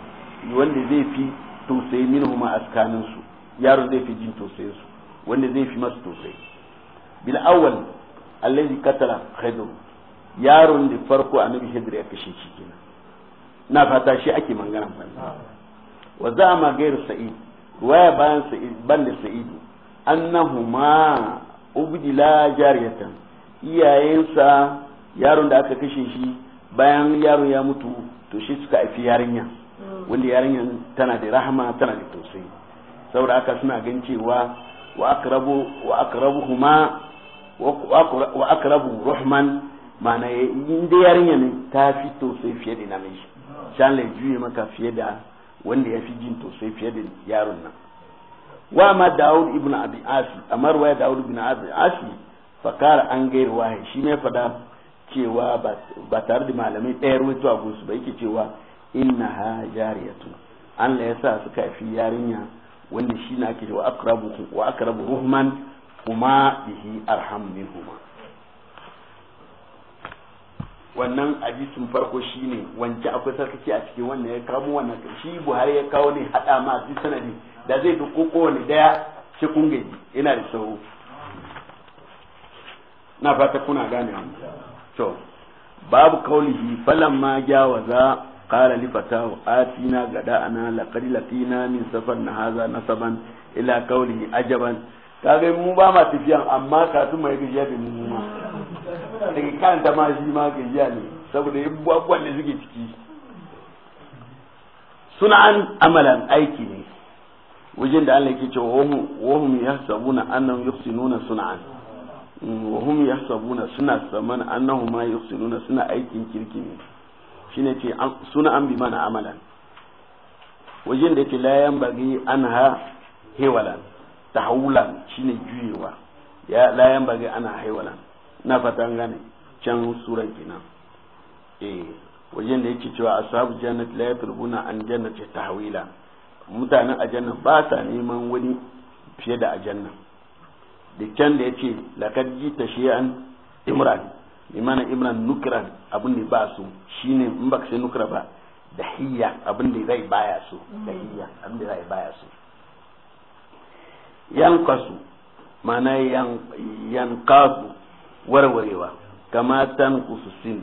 wanda zai fi tausayi minhuma a tsakanin su yaro zai fi jin tausayin su wanda zai fi masu tausayi bil awwal allazi katala khaydu yaron da farko annabi hijr ya kashe shi kenan na fata shi ake magana fa wa za'ama ghayr sa'id waya bayan sa'id ban da sa'id annahuma ubdila jariyatan iyayensa yaron da aka kashe shi bayan yaron ya mutu to shi suka haifi yarinya wanda yarinyar tana da rahama tana da tausayi saboda haka suna gan cewa wa akrabu wa akrabuhuma wa akrabu rahman inda yarinya ne ta fi tausayi fiye da namiji shan lai juye maka fiye da wanda ya fi jin tausayi fiye da yaron nan wa ma daud ibn abi asi amma ruwaya daud ibn abi asi fakara an gairu shi ne fada cewa ba tare da malamai ɗaya ruwaito a gunsu ba yake cewa inna ha jariyatu Allah ya sa suka fi yarinya wanda shi na ake cewa akrabu wa akrabu ruhman kuma bihi arham minhuma wannan hadisin farko shine wance akwai sarkaci a cikin wannan ya kawo wannan shi Buhari ya kawo ne hada ma sanadi da zai duk kowane daya shi kungaji yana da sauro na fata kuna gane to babu kaulihi wa jawaza qala li fatahu atina gada ana laqad laqina min safan hadha nasaban ila kaulihi ajaban kaga mu ba ma tafiyan amma tuma mai gajiya da mu ma daga ta ma shi ma gajiya ne saboda abubuwan da suke ciki suna an amalan aiki ne wajen da Allah yake cewa wahum yahsabuna annahum yuhsinuna sun'an wahum ya sabuna suna saman annahu ma yusinuna suna aikin kirki ne shine ce suna an bi mana amalan wajen da ke layan bagi an ha hewalan tahawulan shine juyewa ya layan bagi ana hewalan na fata gane can sura kenan eh wajen da yake cewa ashabu jannati la yatrubuna an jannati tahwila mutanen aljanna ba ta neman wani fiye da a aljanna da da ya ce lakad jita shi'an imran imana imran nukran abin da ba su shine in ka sai nukra ba da hiyya abin da zai baya su da hiyya abin da zai baya su yankasu mana kasu warwarewa kama tan kususin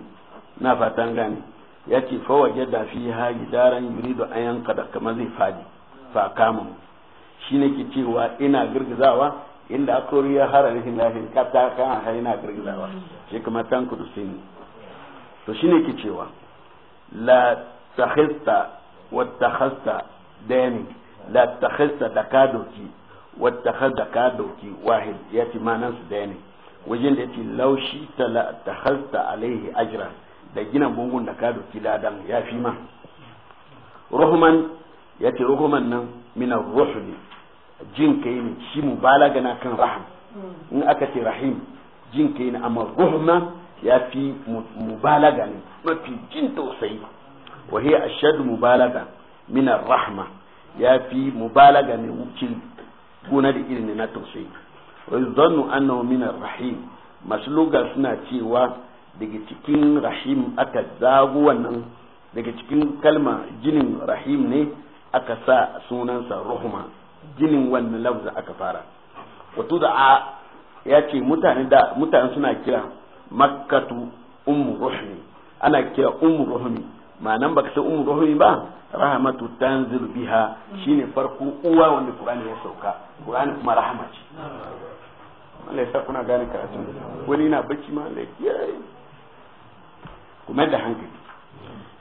na fatan gane ya ce waje da fi ha gidaran yurido an yanka da kama zai fadi fa kama shi ne ke cewa ina girgizawa inda akori ya hara rashin lafiya ka ta kan haka na girgizawa shi kuma tan kudu ne to shine ke cewa la takhista wa takhasta dani la takhasta da ka doki wa takhasta ka doki wahid yace manan su dani wajen da yace laushi ta la takhasta alaihi ajira da gina bungun da ka doki ladan ya fi ma ruhman ce ruhman nan min ar ne jin kai ne shi balaga na kan rahma mm. in aka ce rahim jin kai ne amma ruhma ya fi mu balaga ne mafi jin tausayi wa hiya ashadu balaga min rahma ya fi mu mubalaga ne wucin gona da irin na tausayi wa zannu annahu min rahim masluga suna cewa daga cikin rahim aka zago wannan daga cikin kalma jinin rahim ne aka sa sunansa ruhma ginin wannan lafza aka fara wato da a ya ce mutane da mutane suna kira makkatu ummu ruhmi ana kira ummu ruhmi ma'anan baka san ummu ruhmi ba rahmatu tanzil biha shine farko uwa wanda qur'ani ya sauka qur'ani kuma rahama ce Allah ya sa kuna gane karatu wani na bacci ma Allah ya kuma da hankali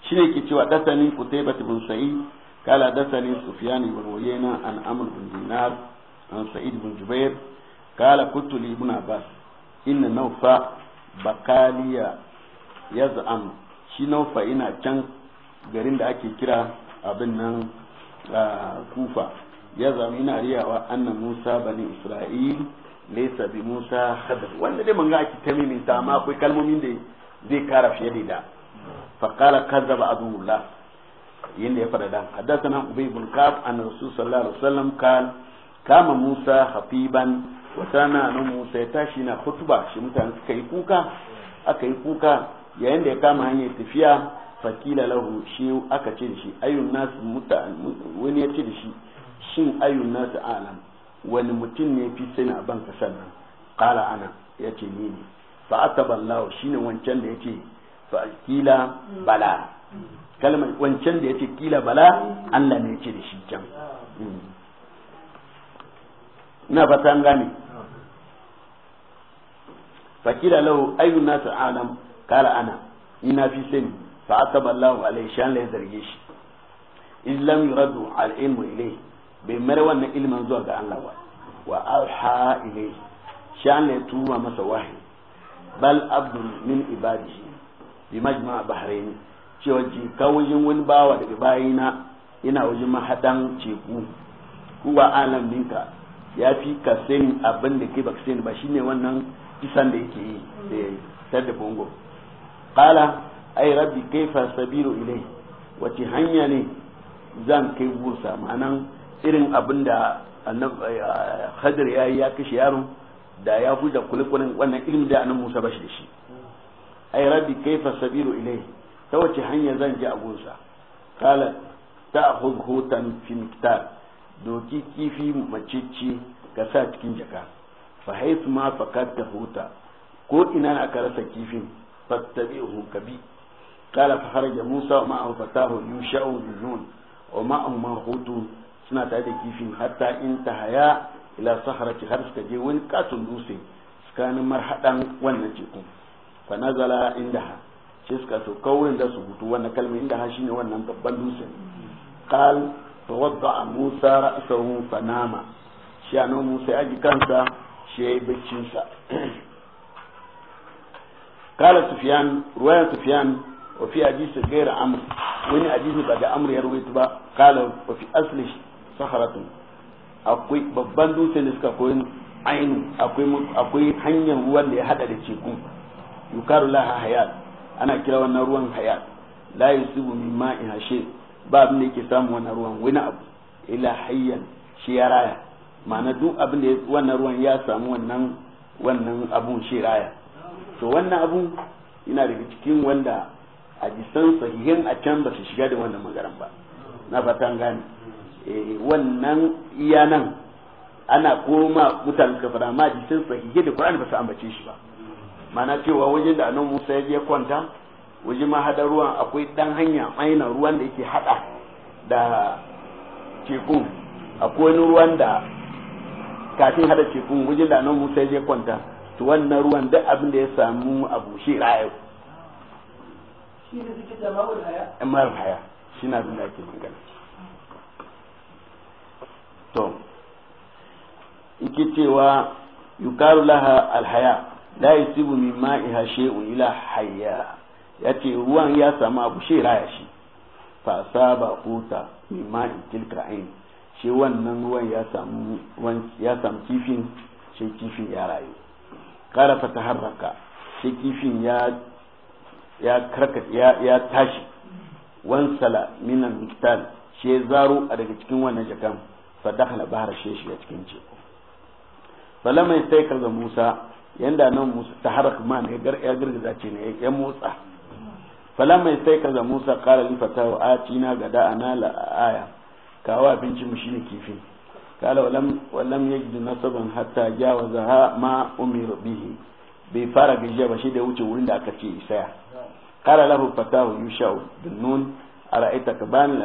shine ke cewa dasani kutaybatu bin sa'id قال حدثني سفيان بن عيينة عن عمرو بن دينار عن سعيد بن جبير قال قلت لابن عباس إن نوفا بقاليا يزعم شي نوفا إنا كان garin da ake kira abin nan kufa ya zama ina riyawa annan musa bani isra'il laysa bi musa khadar wanda dai manga ake ta miminta amma akwai kalmomin da zai kara fiye da fa qala kazzaba adullah da ya fara dan haddathana ubay ibn kab an rasul sallallahu alaihi wasallam kan kama musa hafiban wa sana anu musa ya tashi na khutba shi mutane suka yi kuka aka yi kuka yayin da ya kama hanyar tafiya fakila lahu shi aka ce da shi ayyun nas wani ya ce da shi shin ayyun nas alam wani mutum ne fi sani a banka sannan qala ana ya ce ni ne fa ataballahu shine wancan da ya ce fa kila bala kalmar wancan da ce kila bala Allah ne yace da shi can hmm. na fata an gane fakila lahu ayyun nasu alam kala ana ni na fi sani fa asaba Allah alai shan la zarge shi islam yuradu al ilmu ilai bai mara wannan ilmin zuwa ga Allah wa wa alha ilai shan la tuma masa wahayi bal abdu min ibadihi bi majma' bahrain cewa jika wajen wani bawa daga bayina ina wajen mahadan ceku kuwa alam ninka ya fi ka sani abin da ke baka sani ba shine wannan kisan da yake yi da eh, tar da bongo qala ai rabbi kaifa sabiru ilai wace hanya ne zan kai gusa ma'anan irin abin da eh, hadir ya yi ya kashe yaron da ya fi da kulikulin wannan ilmi da anan Musa ba shi da shi ai rabbi kaifa sabiru ilai ta wace hanya zan je a gunsa kala ta akwai hutan fi doki kifi macicci ga sa cikin jaka fa haisu ma ta huta ko ina na ka rasa kifin fattabi'uhu kabi kala fa kharaja musa ma an fatahu yusha'u bizun wa ma an hutu suna tare da kifin hatta in ta haya ila sahara ce har suka je wani katon dutse tsakanin marhaɗan wannan teku fa nazala haka. sai suka so kawai da su hutu wannan kalmar inda ha shine wannan babban dutsen qal tawadda musa ra'sahu fanama shi anan musa ya ji kansa shi yayi baccin sa qala sufyan ruwaya sufyan wa fi hadisi ghayr amr wani hadisi ba da amr ya rawaito ba qala wa fi asli saharatun akwai babban dutsen da suka koyi ainu akwai akwai hanyar ruwan da ya hada da ceku yukaru laha hayat ana kira wannan ruwan hayat la yusibu min ma'in hashe ba abin da yake samu wannan ruwan wani abu ila hayyan shi ya raya ma'ana duk abin da wannan ruwan ya samu wannan wannan abun shi raya to wannan abun ina daga cikin wanda a jisan sahihin a can ba su shiga da wannan magaran ba na fatan gane eh, wannan iya nan ana koma mutane suka ma jisan sahihin da Qur'ani ba su ambace shi ba mana cewa wajen da annabi Musa ya je kwanta wajen ma hada ruwan akwai dan hanya aina ruwan da yake hada da tekun akwai wani ruwan da kafin hada tekun wajen da annabi Musa ya je kwanta to wannan ruwan duk abin da ya samu a bushe rayu shi ne suke da ma'ul haya ma'ul eh, haya shi na abin da magana to cewa yukaru laha alhaya la yusibu min ma'iha shay'un ila hayya yace ruwan ya samu abu shi raya shi fa saba huta min ma'i tilka ain shi wannan ruwan ya samu ya samu kifin shi kifin ya rayu kara fa taharraka shi kifin ya ya karka ya, tashi wan sala minan miktal shi zaro a daga cikin wannan jakan fa dakhala bahar shi shi a cikin ce falama sai kaza Musa yanda nan musa ta haraka ma ne ya girgiza ce ne ya motsa falamma mai sai kaza musa kara li fatawa a na gada ana la aya kawo abinci mu shine kifi kala walam walam yajid nasaban hatta jawaza ma umir bihi bai fara gajiya ba shi da wuce wurin da aka ce isaya kara lahu fatahu yusha bin nun ara'aita ka bani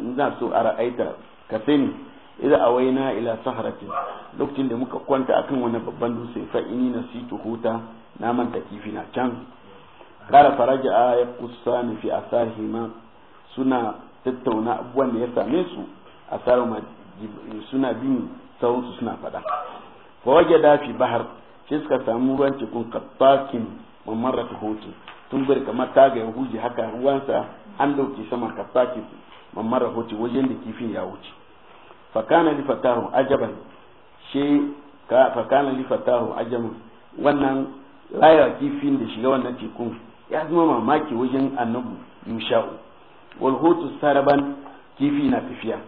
ina so ara'aita ka idza awaina ila sahrati lokacin da muka kwanta akan wani babban dutse fa inni nasitu huta na manta kifi na can kara faraja ya kusani fi asahima suna tattauna abubuwan da ya same su a suna bin sauransu suna fada fa waje dafi bahar shi suka samu ruwan cikin kafakin mamarra ta hoto tun bari kamar taga ya huji haka ruwansa an dauke sama kafakin mamarra hoto wajen da kifin ya wuce fakana li fatahu ajaban shi ka fakana li fatahu ajaban wannan raya kifin da shiga wannan tekun ya zama mamaki wajen annabu yusha'u wal hutu saraban kifi na tafiya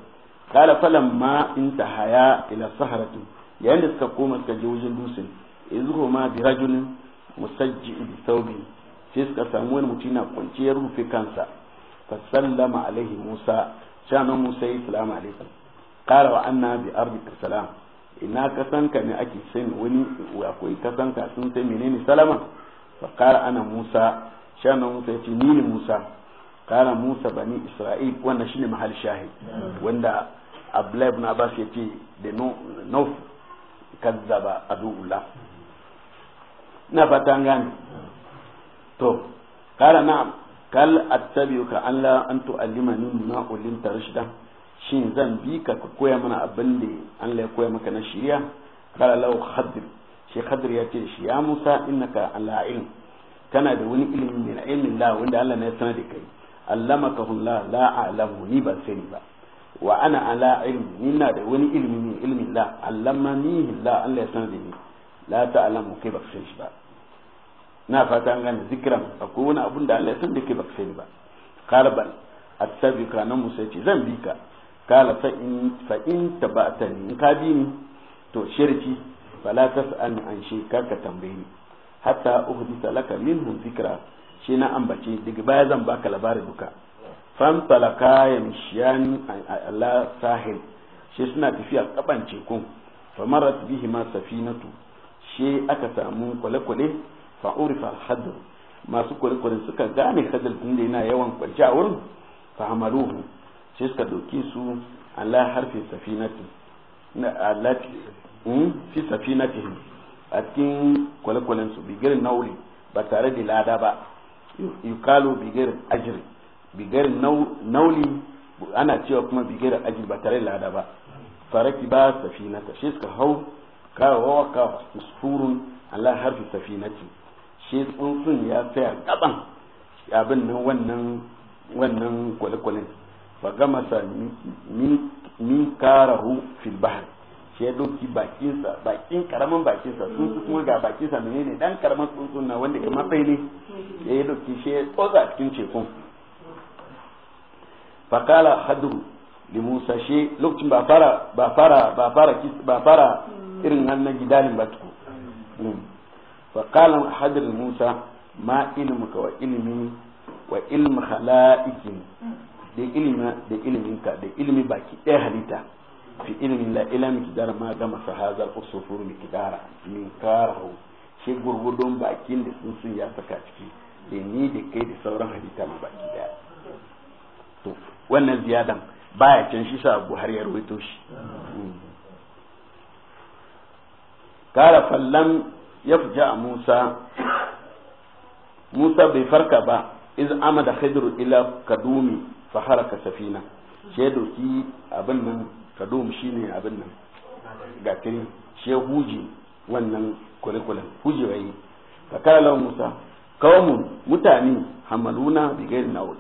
kala falan ma in tahaya ila saharatu yayin da suka koma suka je wajen dusin izhu ma bi rajulin musajji bi thawbi sai suka samu wani mutum na kwanciyar rufe kansa fa sallama alaihi musa nan musa ya salama alaihi kara wa anna bi ardi salam ina kasanka ne ake san wani akwai kasanka sun sai menene salama fa kara ana musa shana musa yace ni ne musa kara musa bani isra'il wannan shine mahal shahid wanda abdullahi ibn abbas yace da nauf kazzaba adu'ullah na fata gane to kara na kal attabiuka an la an tu'allimani ma ulimta rashdan shin zan bi ka ka koya mana abin da Allah ya koya maka na shirya kala lau khadir shi khadir ya ce shi ya Musa innaka ala ilm kana da wani da min ilmin la wanda Allah ne ya sanar da kai allamaka la la a'lamu ni ba sani ba wa ana ala ilm ni na da wani ilimin min ilmin la allamani la Allah ya sanar da ni la ta'lamu kai ba sani shi ba na fata an gane zikiran akwai wani abin da Allah ya sanar da kai ba sani ba qala bal attabi'uka na Musa ce zan bi ka kala fa'in ta ba ta in ka bi ni to shirki fala ta sa'an an shi karka tambaye ni hatta uhdisa min minhu zikra shi na ambace daga baya zan baka labarin duka fan talaka yamshiyan ala sahil shi suna tafiya kaban cekun fa bihi ma safinatu shi aka samu kwale-kwale fa urifa hadr masu kwale-kwale suka gane hadar tun da yana yawan kwanci a wurin fa sai suka doke su Allah harfi safinati na alati hmm, fi safinati a cikin kwale-kwalen su bigar nauli ba tare da lada ba yukalu bigirin ajir bigirin nauli ana cewa kuma bigar ajir ba tare da lada ba faraki ba safinata shi suka hau kawo ka furun Allah harfi safinati shi tsuntsun ya tsaya gaban abin nan wannan wannan kwale-kwalen min karahu fil bahr shi ya doki bakinsa bakin karamin bakinsa sun kuma ga bakinsa menene dan karamin tsuntsun na wanda kamar matsayi ne ya yi doki shi ya tsotsa cikin cekun fakala hadu li musa shi lokacin ba fara ba fara ba fara ba fara irin na gidalin ba tuku hmm. fakala hadu musa ma ilmuka wa ilmi wa ilmu khala'ikin da ilimi da ilimin da ilimi baki ɗaya halitta fi ilimin la ila dara ma gama sahazar usufur dara min karahu shi gurgudun bakin da sun sun ya saka ciki da ni da kai da sauran halitta ma baki ɗaya to wannan ziyadan baya can shi sa Buhari ya rawaito shi kara fallan ya fuja Musa Musa bai farka ba iz amada khidru ila kadumi faharaka safina she doki abin nan kadom shi ne abin nan gatiri shi huji wannan kurikulan hujewa yi ka lawan musa kawamu mutane hamaluna bigair na'ud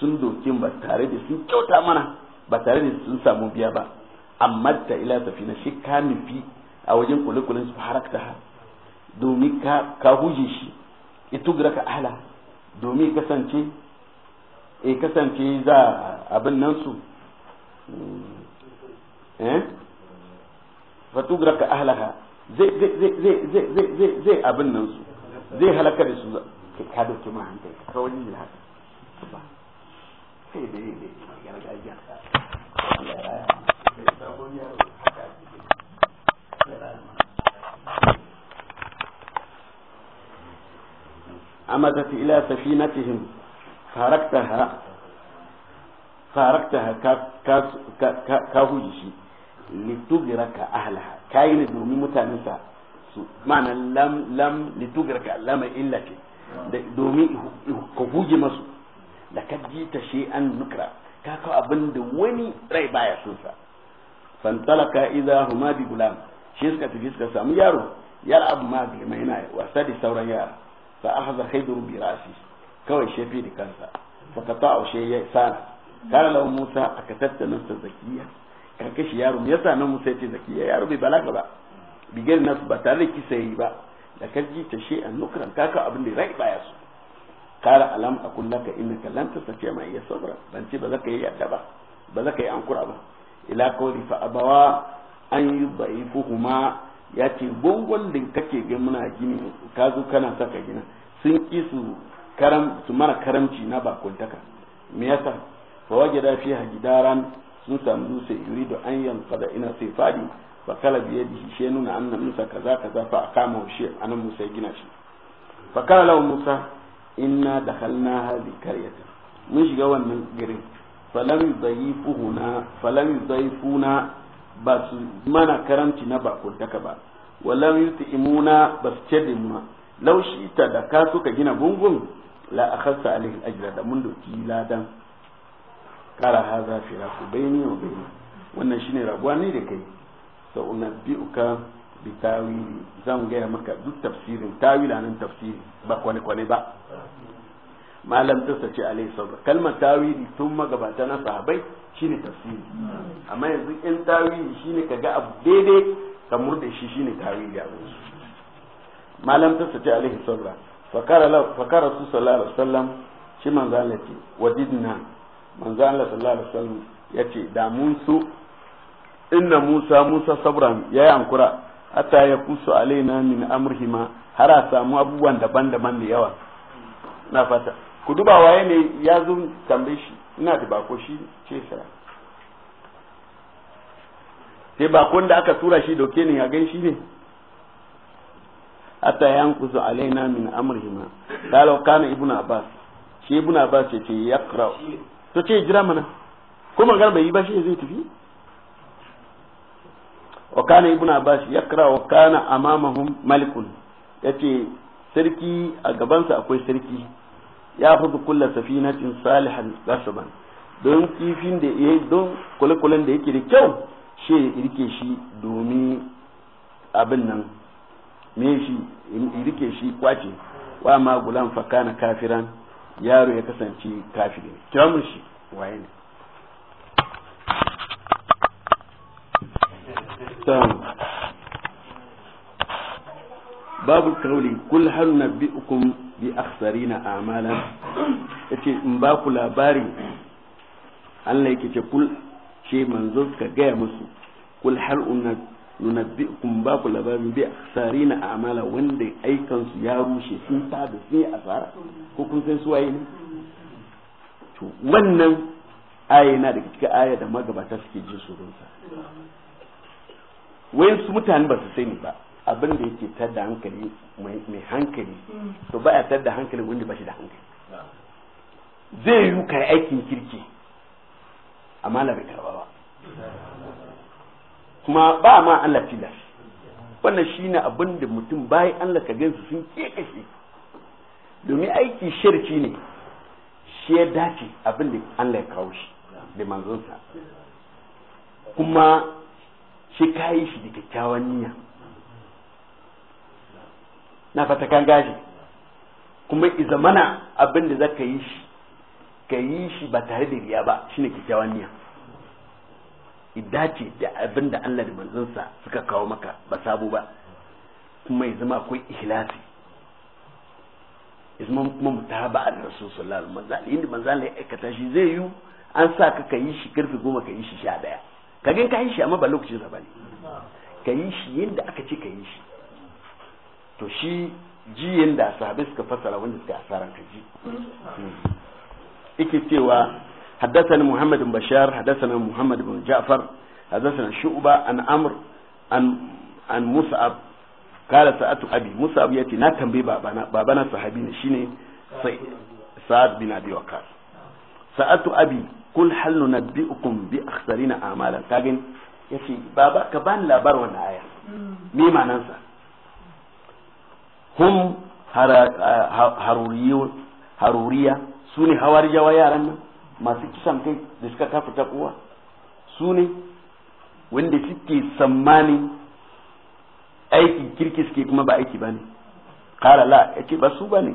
sun dokin ba tare da sun kyauta mana ba tare da sun samu biya ba amma ta ila safina shi ka nufi a wajen kulikulin su harakta domin ka huji shi itugraka ala domin kasance in kasance za abin nan su eh fatugra ka ahlaha zai zai zai zai zai zai abin nan su zai halaka da su ka ka dauke ma hankali ka wani ne haka sai da ne gargajiya أمدت إلى سفينتهم faraktaha faraktaha ka huje shi litugira ka ahlaha ka yi ne domin mutanensa su ma'ana lam lam litugira ka lama illa ce domin ka masu da ka ji ta shi an nukra ka kawo abin da wani rai baya son sa fantalaka idza huma bi gulam shi suka tafi suka samu yaro yar abu ma yana wasa da sauran yara fa akhadha khaydur bi rasi kawai shi bi da kansa fakata a shi ya sana kana lahu musa aka tattana sa zakiya karkashi yaro ya yasa nan musa ce zakiya yaro bai balaga ba bigar nasu ba tare da kisa yi ba da kaji ta shi an nukran kaka abin da rai baya su kara alam akun ka innaka lan tasfiya mai ya sabra ban ce ba za ka yi yadda ba ba za ka yi ankura ba ila kawli fa abawa an yi daifuhuma ya ce gongon da kake ga muna gini ka zo kana saka gina sun ki su karam su mana karamci na bakuntaka me yasa fa wajada fi gidaran sun samu dutse yuridu an yanka da ina sai fadi fa kala biye da shi nuna anna musa kaza kaza fa akama shi anan musa ya gina shi fa kala law musa inna dakhalna hadhihi qaryatan mun shiga wannan gari falam zayifuna falam zayifuna ba su mana karamci na bakuntaka ba walam yutimuna ba su ce da shi ta da ka suka gina gungun la akhadta alayhi ajra da mun doki ladan kara haza firaku baini wa bayni wannan shine rabuwa ne da kai sa unabbi'uka bi tawili zan gaya maka duk tafsirin tawila nan tafsiri ba kwane kwane ba malam ta sace alayhi sabr kalmar tawili tun magabata na sahabbai shine tafsiri amma yanzu in tawili shine kaga abu daidai ka murde shi shine tawili a malam ta sace alayhi sabr fakara su sallallahu alaihi wasallam shi manzo Allah ce wajidna manzo Allah sallallahu alaihi wasallam yace da mun su inna Musa Musa sabran ya yankura hatta ya kusu alaina min amrihima har a samu abubuwan daban-daban da yawa na fata ku duba waye ne ya zo tambaye shi ina da bako shi ce sara sai bakon da aka tura shi doke ne a gan shi ne hatta yankuzu alaina min amrihima lalau kana ibnu abbas shi ibnu abbas ce ce yaqra to ce jira mana ko magana bai yi ba shi zai tafi wa kana ibnu abbas yaqra wa kana amamahum malikun yace sarki a gabansa akwai sarki ya fi kulla safinatin salihan gasaban don kifin da ya don kulekulen da yake da kyau shi ya rike shi domin abin nan me shi rike shi kwace wa ma gulan fakana kafiran yaro ya kasance kafiri kira mun shi waye ne babu kauli kul hal nabbi'ukum bi akhsarina amalan yace in ba ku labari Allah yake ce kul ce manzo ka gaya musu kul hal nunabbi'ukum ba ku labarin bi aksarina amala wanda aikansu ya rushe sun ta da sun yi asara ko kun san su waye ne to wannan aya yana daga cikin aya da magabata suke jin surun sa wayan su mutane ba su sani ba abin da yake tada hankali mai hankali to ba ya tada hankali wanda ba shi da hankali zai yi kai aikin kirki na bai karba ba kuma ba ma Allah tilas wannan shine abin da mutum bayan Allah ka gansu sun kekashe domin aiki shirki ne shi ya dace abin da Allah ya kawo shi da manzonsa kuma shi kayi shi da kyakkyawan niyya na fata kan gaji kuma izamana abin da za ka yi shi ka shi ba tare da riya ba shine kyakkyawan niyya dace da abin da Allah da manzonsa suka kawo maka ba sabo ba kuma ya zama akwai ikhlasi ya kuma mutaba al rasul sallallahu alaihi wasallam inda manzo Allah ya aikata shi zai yi an sa ka kayi shi karfe goma ka yi shi sha daya ka ga ka shi amma ba lokacin sa bane ka shi yadda aka ce ka shi to shi ji yanda sahabbai suka fassara wanda suka asaran ka ji hmm. yake cewa حدثنا محمد بن بشار حدثنا محمد بن جعفر حدثنا شعبة عن أمر عن عن مصعب قال سألت أبي مصعب يأتي نا تنبي بابنا بابنا صحابي شيني سعد بن أبي وقاص سألت أبي قل هل ننبئكم بأخسرين أعمالا كاجن yace baba ka bani labar wannan aya me ma'anansa hum haruriya su ne hawarijawa yaran nan masu kisan kai da suka ta uwa su ne wanda suke tsammanin aikin kirki suke kuma ba aiki ba ne kara la ya ce ba su ba ne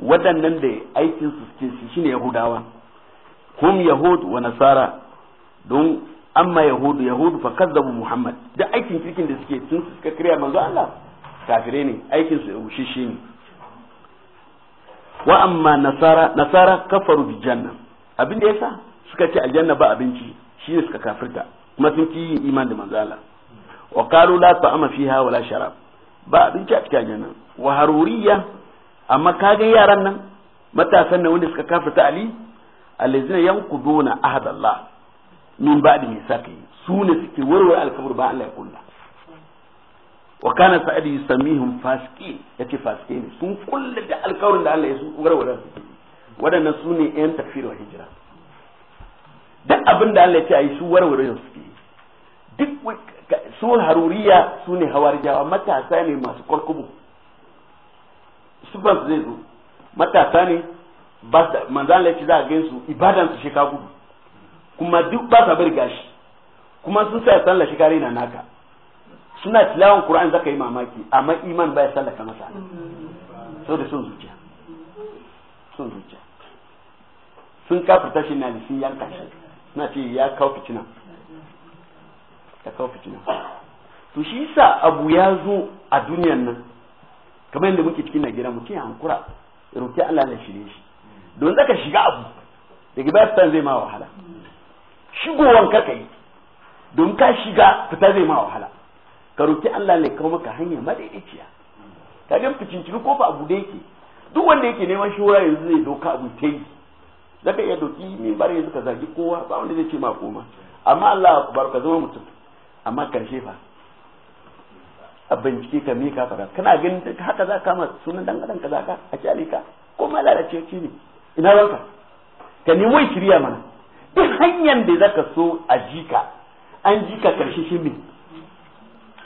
waɗannan da aikin su suke su shine yahudawa hum yahudu wa nasara don amma yahudu yahudu fa kazzabu muhammad da aikin kirkin da suke tun suka kiriya manzo Allah kafire ne aikin su ya shi ne wa amma nasara nasara kafaru bi jannah abin da yasa suka ce aljanna ba abinci shine suka kafirta kuma sun ki yin iman da manzala wa qalu la ta'ama fiha wala sharab ba abinci a cikin aljanna wa haruriya amma kaga yaran nan matasan nan wanda suka kafirta ali allazina yanquduna ahadallah min ba'di misaqi su ne suke warware alkabur ba Allah ya kulla wa kana sa'idi yusammihum fasiqin yace fasiqin sun kulla da alkawarin da Allah ya su warware su waɗannan su ne yan tafiyar hijira duk abin da Allah ya ce a yi su warware suke duk su haruriya su ne jawa matasa ne masu kwalkubu sufan su zai zo matasa ne manzan ce za a gan su ibadan su shi gudu kuma duk ba sa bari gashi kuma sun sa sallah kare na naka suna tilawan qur'an zaka yi mamaki amma iman ba ya sallaka masa da sun zuciya sun zuciya sun kafirta shi na sun yanka shi na ce ya kawo fitina ya kawo fitina to shi sa abu ya zo a duniyan nan kamar yadda muke cikin Najeriya mutum ya hankura ya Allah ya shirye shi don zaka shiga abu daga baya fitan zai ma wahala shigowan ka kai don ka shiga fita zai ma wahala ka roƙi Allah ya kawo maka hanya madaidaiciya ka ga ficincinu kofa abu da yake duk wanda yake neman shura yanzu zai doka abu ta yi zaka iya doki mimbar yanzu ka zagi kowa ba wanda zai ce ma koma amma Allah bar ka zama mutum amma karshe fa a bincike ka me ka fara kana ganin haka za ka ma sunan dan adam ka zaka a kyale ka ko ma lalace ce ne ina ranka ka ni wai kiriya mana duk hanyar da zaka so a jika an jika karshe shi me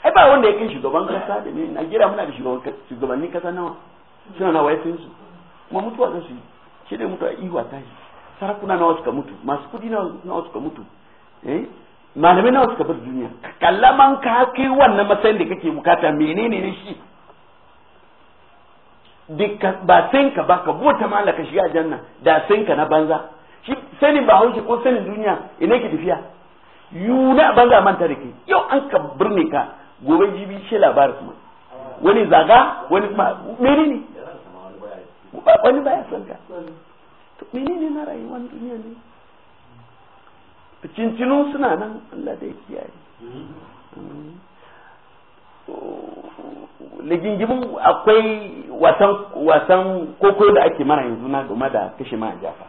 ai ba wanda ya kai shugaban kasa da ne na gira muna da shugabannin kasa nawa suna na wayafin su kuma mutuwa zan su yi shi da mutu a iwa yi. sarakuna nawa suka mutu masu kudi nawa suka mutu eh malamai nawa suka bar duniya kallaman ka kai wannan matsayin da kake bukata menene ne shi ba sai ka ba ka bota ma shi a janna da sai ka na banza shi sanin ba haushi ko sanin duniya ina ki tafiya yuna banza manta da kai yau an ka burne ka gobe jibi shi labarin kuma wani zaga wani kuma menene ne wani baya son ka to menene na rayuwar duniya ne cincinu suna nan Allah da ya kiyaye ligingimin mm. akwai wasan wasan koko da ake mara yanzu na game da kashe ma jafa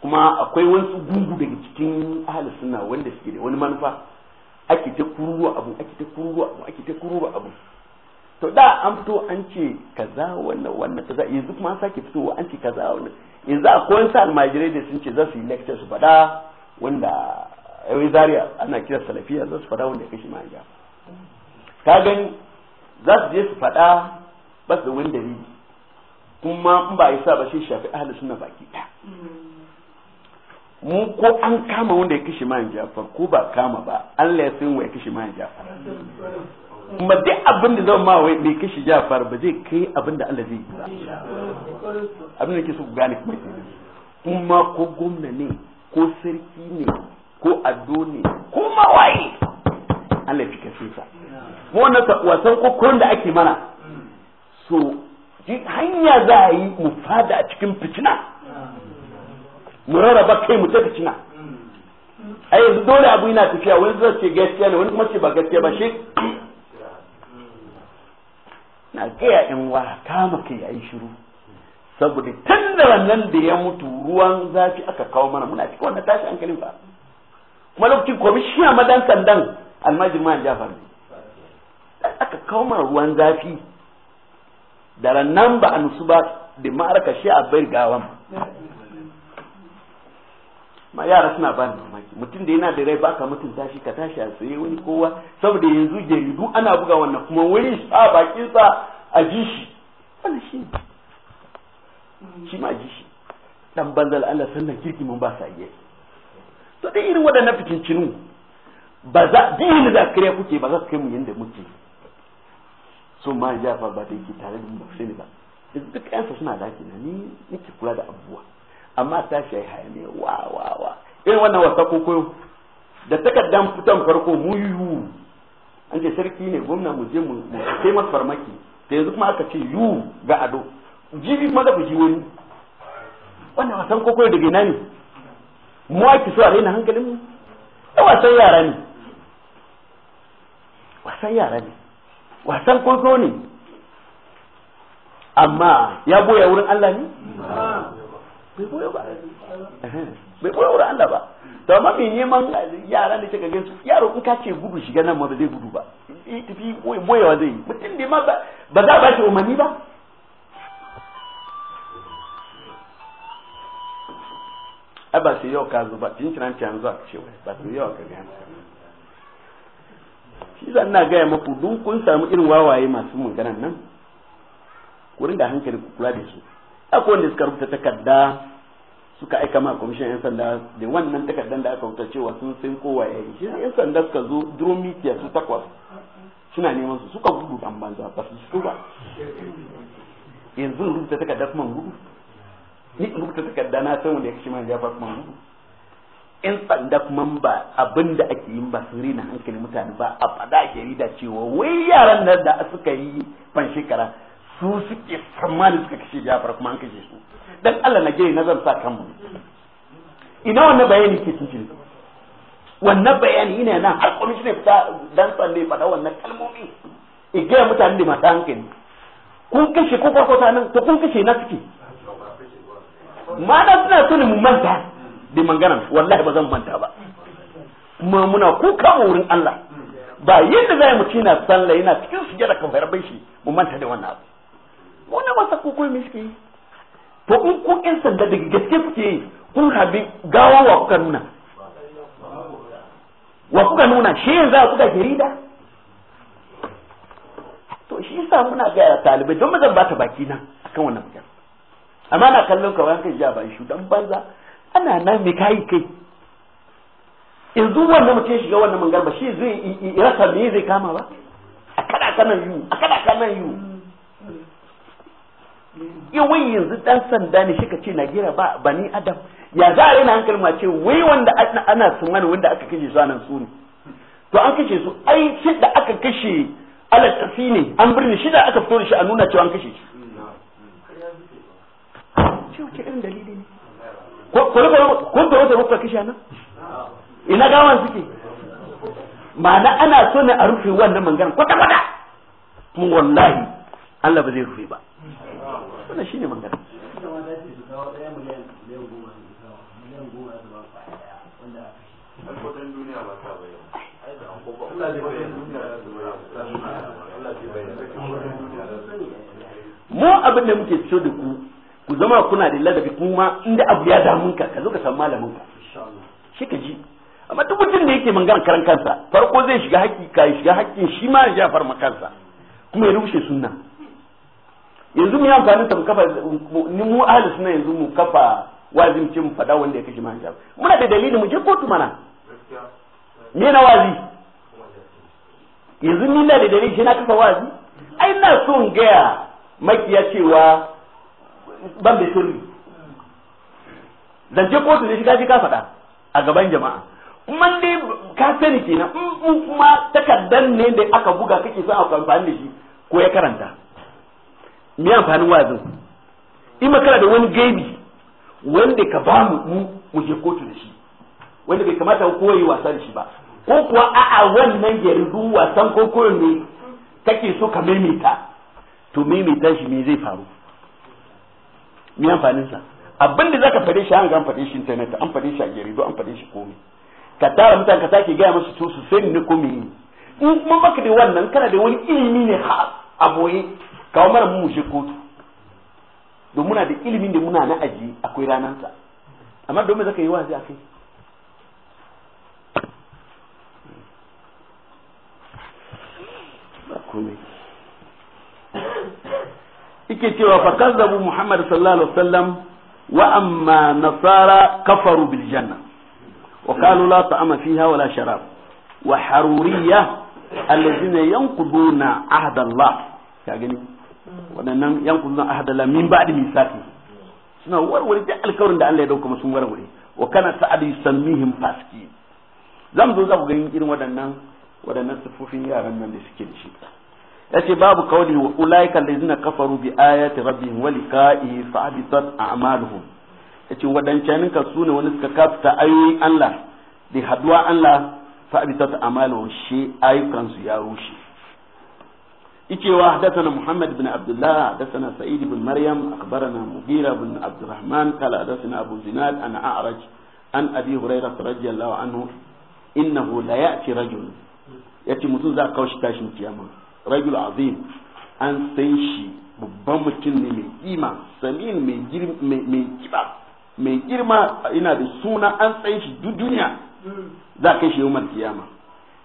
kuma akwai wasu gungu daga cikin ahli sunna wanda suke da wani manufa ake ta kururuwa abu ake ta kururuwa abu ake ta kururuwa abu to da an fito an ce kaza wannan wannan kaza yanzu kuma an sake fitowa an ce kaza wannan yanzu akwai sa almajirai da sun ce za su yi lecture su faɗa wanda yawai eh, zariya ana kira salafiya za su faɗa wanda ya kashe ma'ajiya ka gani za su je su faɗa ba su da wani dalili kuma in ba a yi sa ba shi shafi ahalin suna baki ɗaya mu ko an kama wanda ya kashe ma'ajiya ko ba kama ba Allah ya san wa ya kashe ma'ajiya kuma duk abin da zan ma wai bai kashi jafar ba zai kai abin da Allah zai yi ba abin da ke so gane kuma ke kuma ko gwamna ne ko sarki ne ko ado ne ko waye Allah ya fi kashe sa mu wannan wasan kokon da ake mana so hanya za a yi mu fada a cikin fitina mu rarraba kai mu ta fitina a yanzu dole abu yana tafiya wani zai ce gaskiya ne wani kuma ce ba gaskiya ba shi na gaya in wa maka ya yi shiru saboda tun da wannan da ya mutu ruwan zafi aka kawo mana muna cikin wannan tashi hankalin fa kuma lokacin kwamishiya madan sandan almajin man jafar ne aka kawo mana ruwan zafi da nan ba a nusu ba da ma'arka shi a bai gawan ma yara suna ba mamaki mutum da yana da rai baka mutum tashi ka tashi a tsaye wani kowa saboda yanzu jaridu ana buga wannan kuma wani sa bakin sa a ji shi wannan shi shi ma ji shi dan banzal Allah sannan kirki mun ba sa iya to dai irin waɗannan fitincinu ba za dinin da kare kuke ba za su kai mu yanda muke so ma jafa ba da ki tare da mu ba sai ba duk ƴansa suna daki na ni nake kula da abubuwa amma ta shi hayani wa wa wa irin wannan wasa koko da takaddan fitan farko mu yu an ce sarki ne gwamna mu je mu kai masa farmaki da yanzu kuma aka ce yu ga ado jibi ma da ku ji wani wannan wasan koko da gina ne mu ki so a raina hankalin mu da wasan yara ne wasan yara ne wasan koko ne amma ya goya wurin Allah ne bai koyo ba bai koyo wurin Allah ba to amma mai neman yara da kika gan yaro in ka ce gudu shiga nan ma ba zai gudu ba tafi boyewa zai yi mutum ne ma ba za a ba shi umarni ba ai ba sai yau ka zo ba tun kiran can zuwa ce wai ba yau ka ga shi zan na gaya maku duk kun samu irin wawaye masu nan ku ringa akwai wanda suka rubuta takarda suka aika ma kwamishin yan sanda da wannan takardar da aka rubuta cewa sun san kowa ya yi shi yan sanda suka zo dromitiya su takwas suna neman su suka gudu dan banza ba su su ba yanzu rubuta takarda kuma gudu ni rubuta takarda na san wanda ya kashe man jafa kuma gudu yan sanda kuma ba abin da ake yin ba sun rena hankali mutane ba a fada jarida cewa wai yaran nan da suka yi fan shekara su suke tsammanin suka kashe jafar kuma an kashe su dan Allah na gire nazar sa kanmu ina wannan bayani ke cikin wannan bayani ina nan har kuma ne fita dan ne fada wannan kalmomi ga mutane da masu hankali kun kashe ko farko ta nan to kun kashe na suke ma da suna tuni mu manta da mangana wallahi ba zan manta ba kuma muna kuka wurin Allah ba yadda zai mutuna ci na sallah yana cikin sujada kan bai shi mu manta da wannan abu wannan ba sako ko me to in ku in sanda da gaske suke yi kun habi gawa wa kuka nuna wa kuka nuna shi yanzu a kuka jarida to shi yasa muna ga talibai don mazan ba ta baki na akan wannan mutum amma na kallon ka wani kai a ba shi dan banza ana nan me kai kai yanzu wannan mutum ya shiga wannan mangar ba shi zai rasa me zai kama ba a kada kanan yu a kada kanan yu in wai yanzu dan sanda ne shika ce Najeriya ba bani Adam ya za a rena hankali ma ce wai wanda ana tsammani wanda aka kashe su anan su ne to an kashe su ai shi da aka kashe alattafi ne an birni shi da aka fito da shi a nuna cewa an kashe shi ce wace irin dalili ne ko da wata rufa kashe nan ina gawan suke ma'ana ana so ne a rufe wannan mangana kwata kwata mun wallahi Allah ba zai rufe ba wannan shine magana mu abin da muke fito da ku ku zama kuna da ladabi kuma inda abu ya damun ka ka zo ka samu malamin ka shi ka ji amma duk mutum da yake magana karan kansa farko zai shiga haƙƙi ka shiga haƙƙin shi ma ya far kansa kuma ya rushe sunna yanzu mu yi amfani da mu kafa ni mu ahli sunna yanzu mu kafa mu ce mu fada wanda ya kashe manhajab muna da dalili mu je kotu mana me na wazi yanzu ni na da dalili shi na kafa wazi ai na so in gaya makiya cewa ban da sirri je kotu ne gaji ka faɗa a gaban jama'a kuma dai ka sani kenan in kuma takardar ne da aka buga kake so a amfani da shi ko ya karanta me amfanin wazin in makara da wani gaibi wanda ka ba mu mu mu je kotu da shi wanda bai kamata ku koyi wasa da shi ba ko kuwa a'a wannan yardu wasan kokoyon ne kake so ka maimaita to maimaita shi me zai faru me amfanin sa abin da zaka fade shi an ga an fade shi internet an fade shi a jaridu an fade shi komai ka tara mutane ka sake gaya musu to su sani ne komai in kuma baka da wannan kana da wani ilimi ne ha aboye kawo mara mu je kotu don muna da ilimin da muna na aji akwai ranansa amma domin zaka yi wazi a kai ike cewa fa kazzabu muhammad sallallahu alaihi wasallam wa amma nasara kafaru bil janna wa qalu la ta'ama fiha wala sharab wa haruriyya alladhina yanquduna ahda allah ka gani waɗannan yan kuzun ahadala min ba'di misaki suna warware duk alkawarin da Allah ya dauka sun warware wa kana sa'ad sanmihim faski zan zo za ku ga irin waɗannan waɗannan sufufin yaran nan da suke da shi yace babu kauli wa ulaika allazina kafaru bi ayati rabbihim wa liqa'i fa'abitat habitat a'maluhum yace wadancanin ka sune wani suka kafta ayoyin Allah da haduwa Allah fa'abitat a'maluhum shi ayukan su ya rushe yake wa hadathana Muhammad bin Abdullah hadathana Sa'id bin Maryam akhbarana Mughira bin Abdurrahman qala hadathana Abu Zinad an A'raj an Abi Hurairah radiyallahu anhu innahu la ya'ti rajul yace mutum za kawo shi tashin kiyama rajul azim an san shi babban mutum ne mai kima samin mai kiba mai girma ina da suna an san shi duk duniya hmm. za kai shi umar kiyama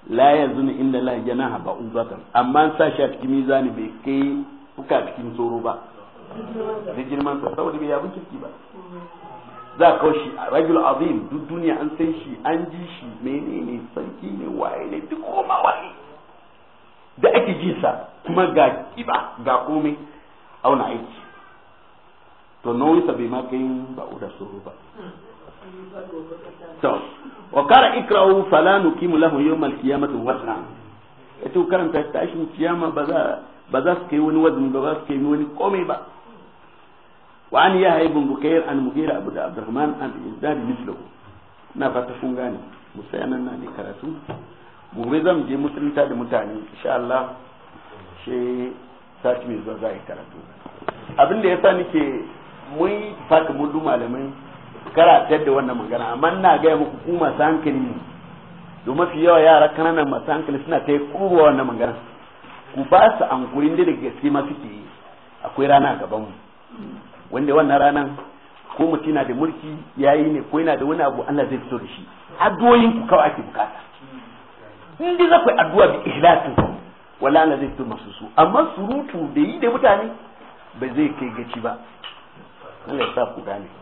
la yanzu ni inda la janaha ba uzatan amma an sa shi a cikin mizani bai kai fuka cikin tsoro ba da girman sa saboda bai yabin kirki ba za ka kawo shi rajul azim duk duniya an san shi an ji shi menene sarki ne waye ne duk koma wani da ake ji sa kuma ga kiba ga komai auna aiki to nauyinsa bai ma kai ba uda tsoro ba wa kara ikrahu fala nuqimu lahu yawm al qiyamati wazna yace karanta ta shi kiyama ba za ba za su kai wani wazni ba za su kai wani komai ba wa an ya haibu bukair an mugira abu da abdurrahman an izdad mislu na fata kun gane musayanan na ne karatu gobe zan je musulunta da mutane insha Allah she sati mai zuwa za a yi karatu abin da ya sa nake mun fata mun malamai kara da wannan magana amma ina gaya muku ku masu hankali ne yawa yara kananan masu hankali suna ta yi kuruwa wannan magana ku ba su ankurin da gaske ma suke yi akwai rana a gabanmu wanda wannan ranan ko mutum na da mulki ya yi ne ko yana da wani abu Allah zai fito da shi addu'o'in ku kawai ake bukata in dai za ku yi addu'a bi ikhlasin wala Allah zai fito masu su amma surutu da yi da mutane ba zai kai gaci ba Allah ya sa ku gane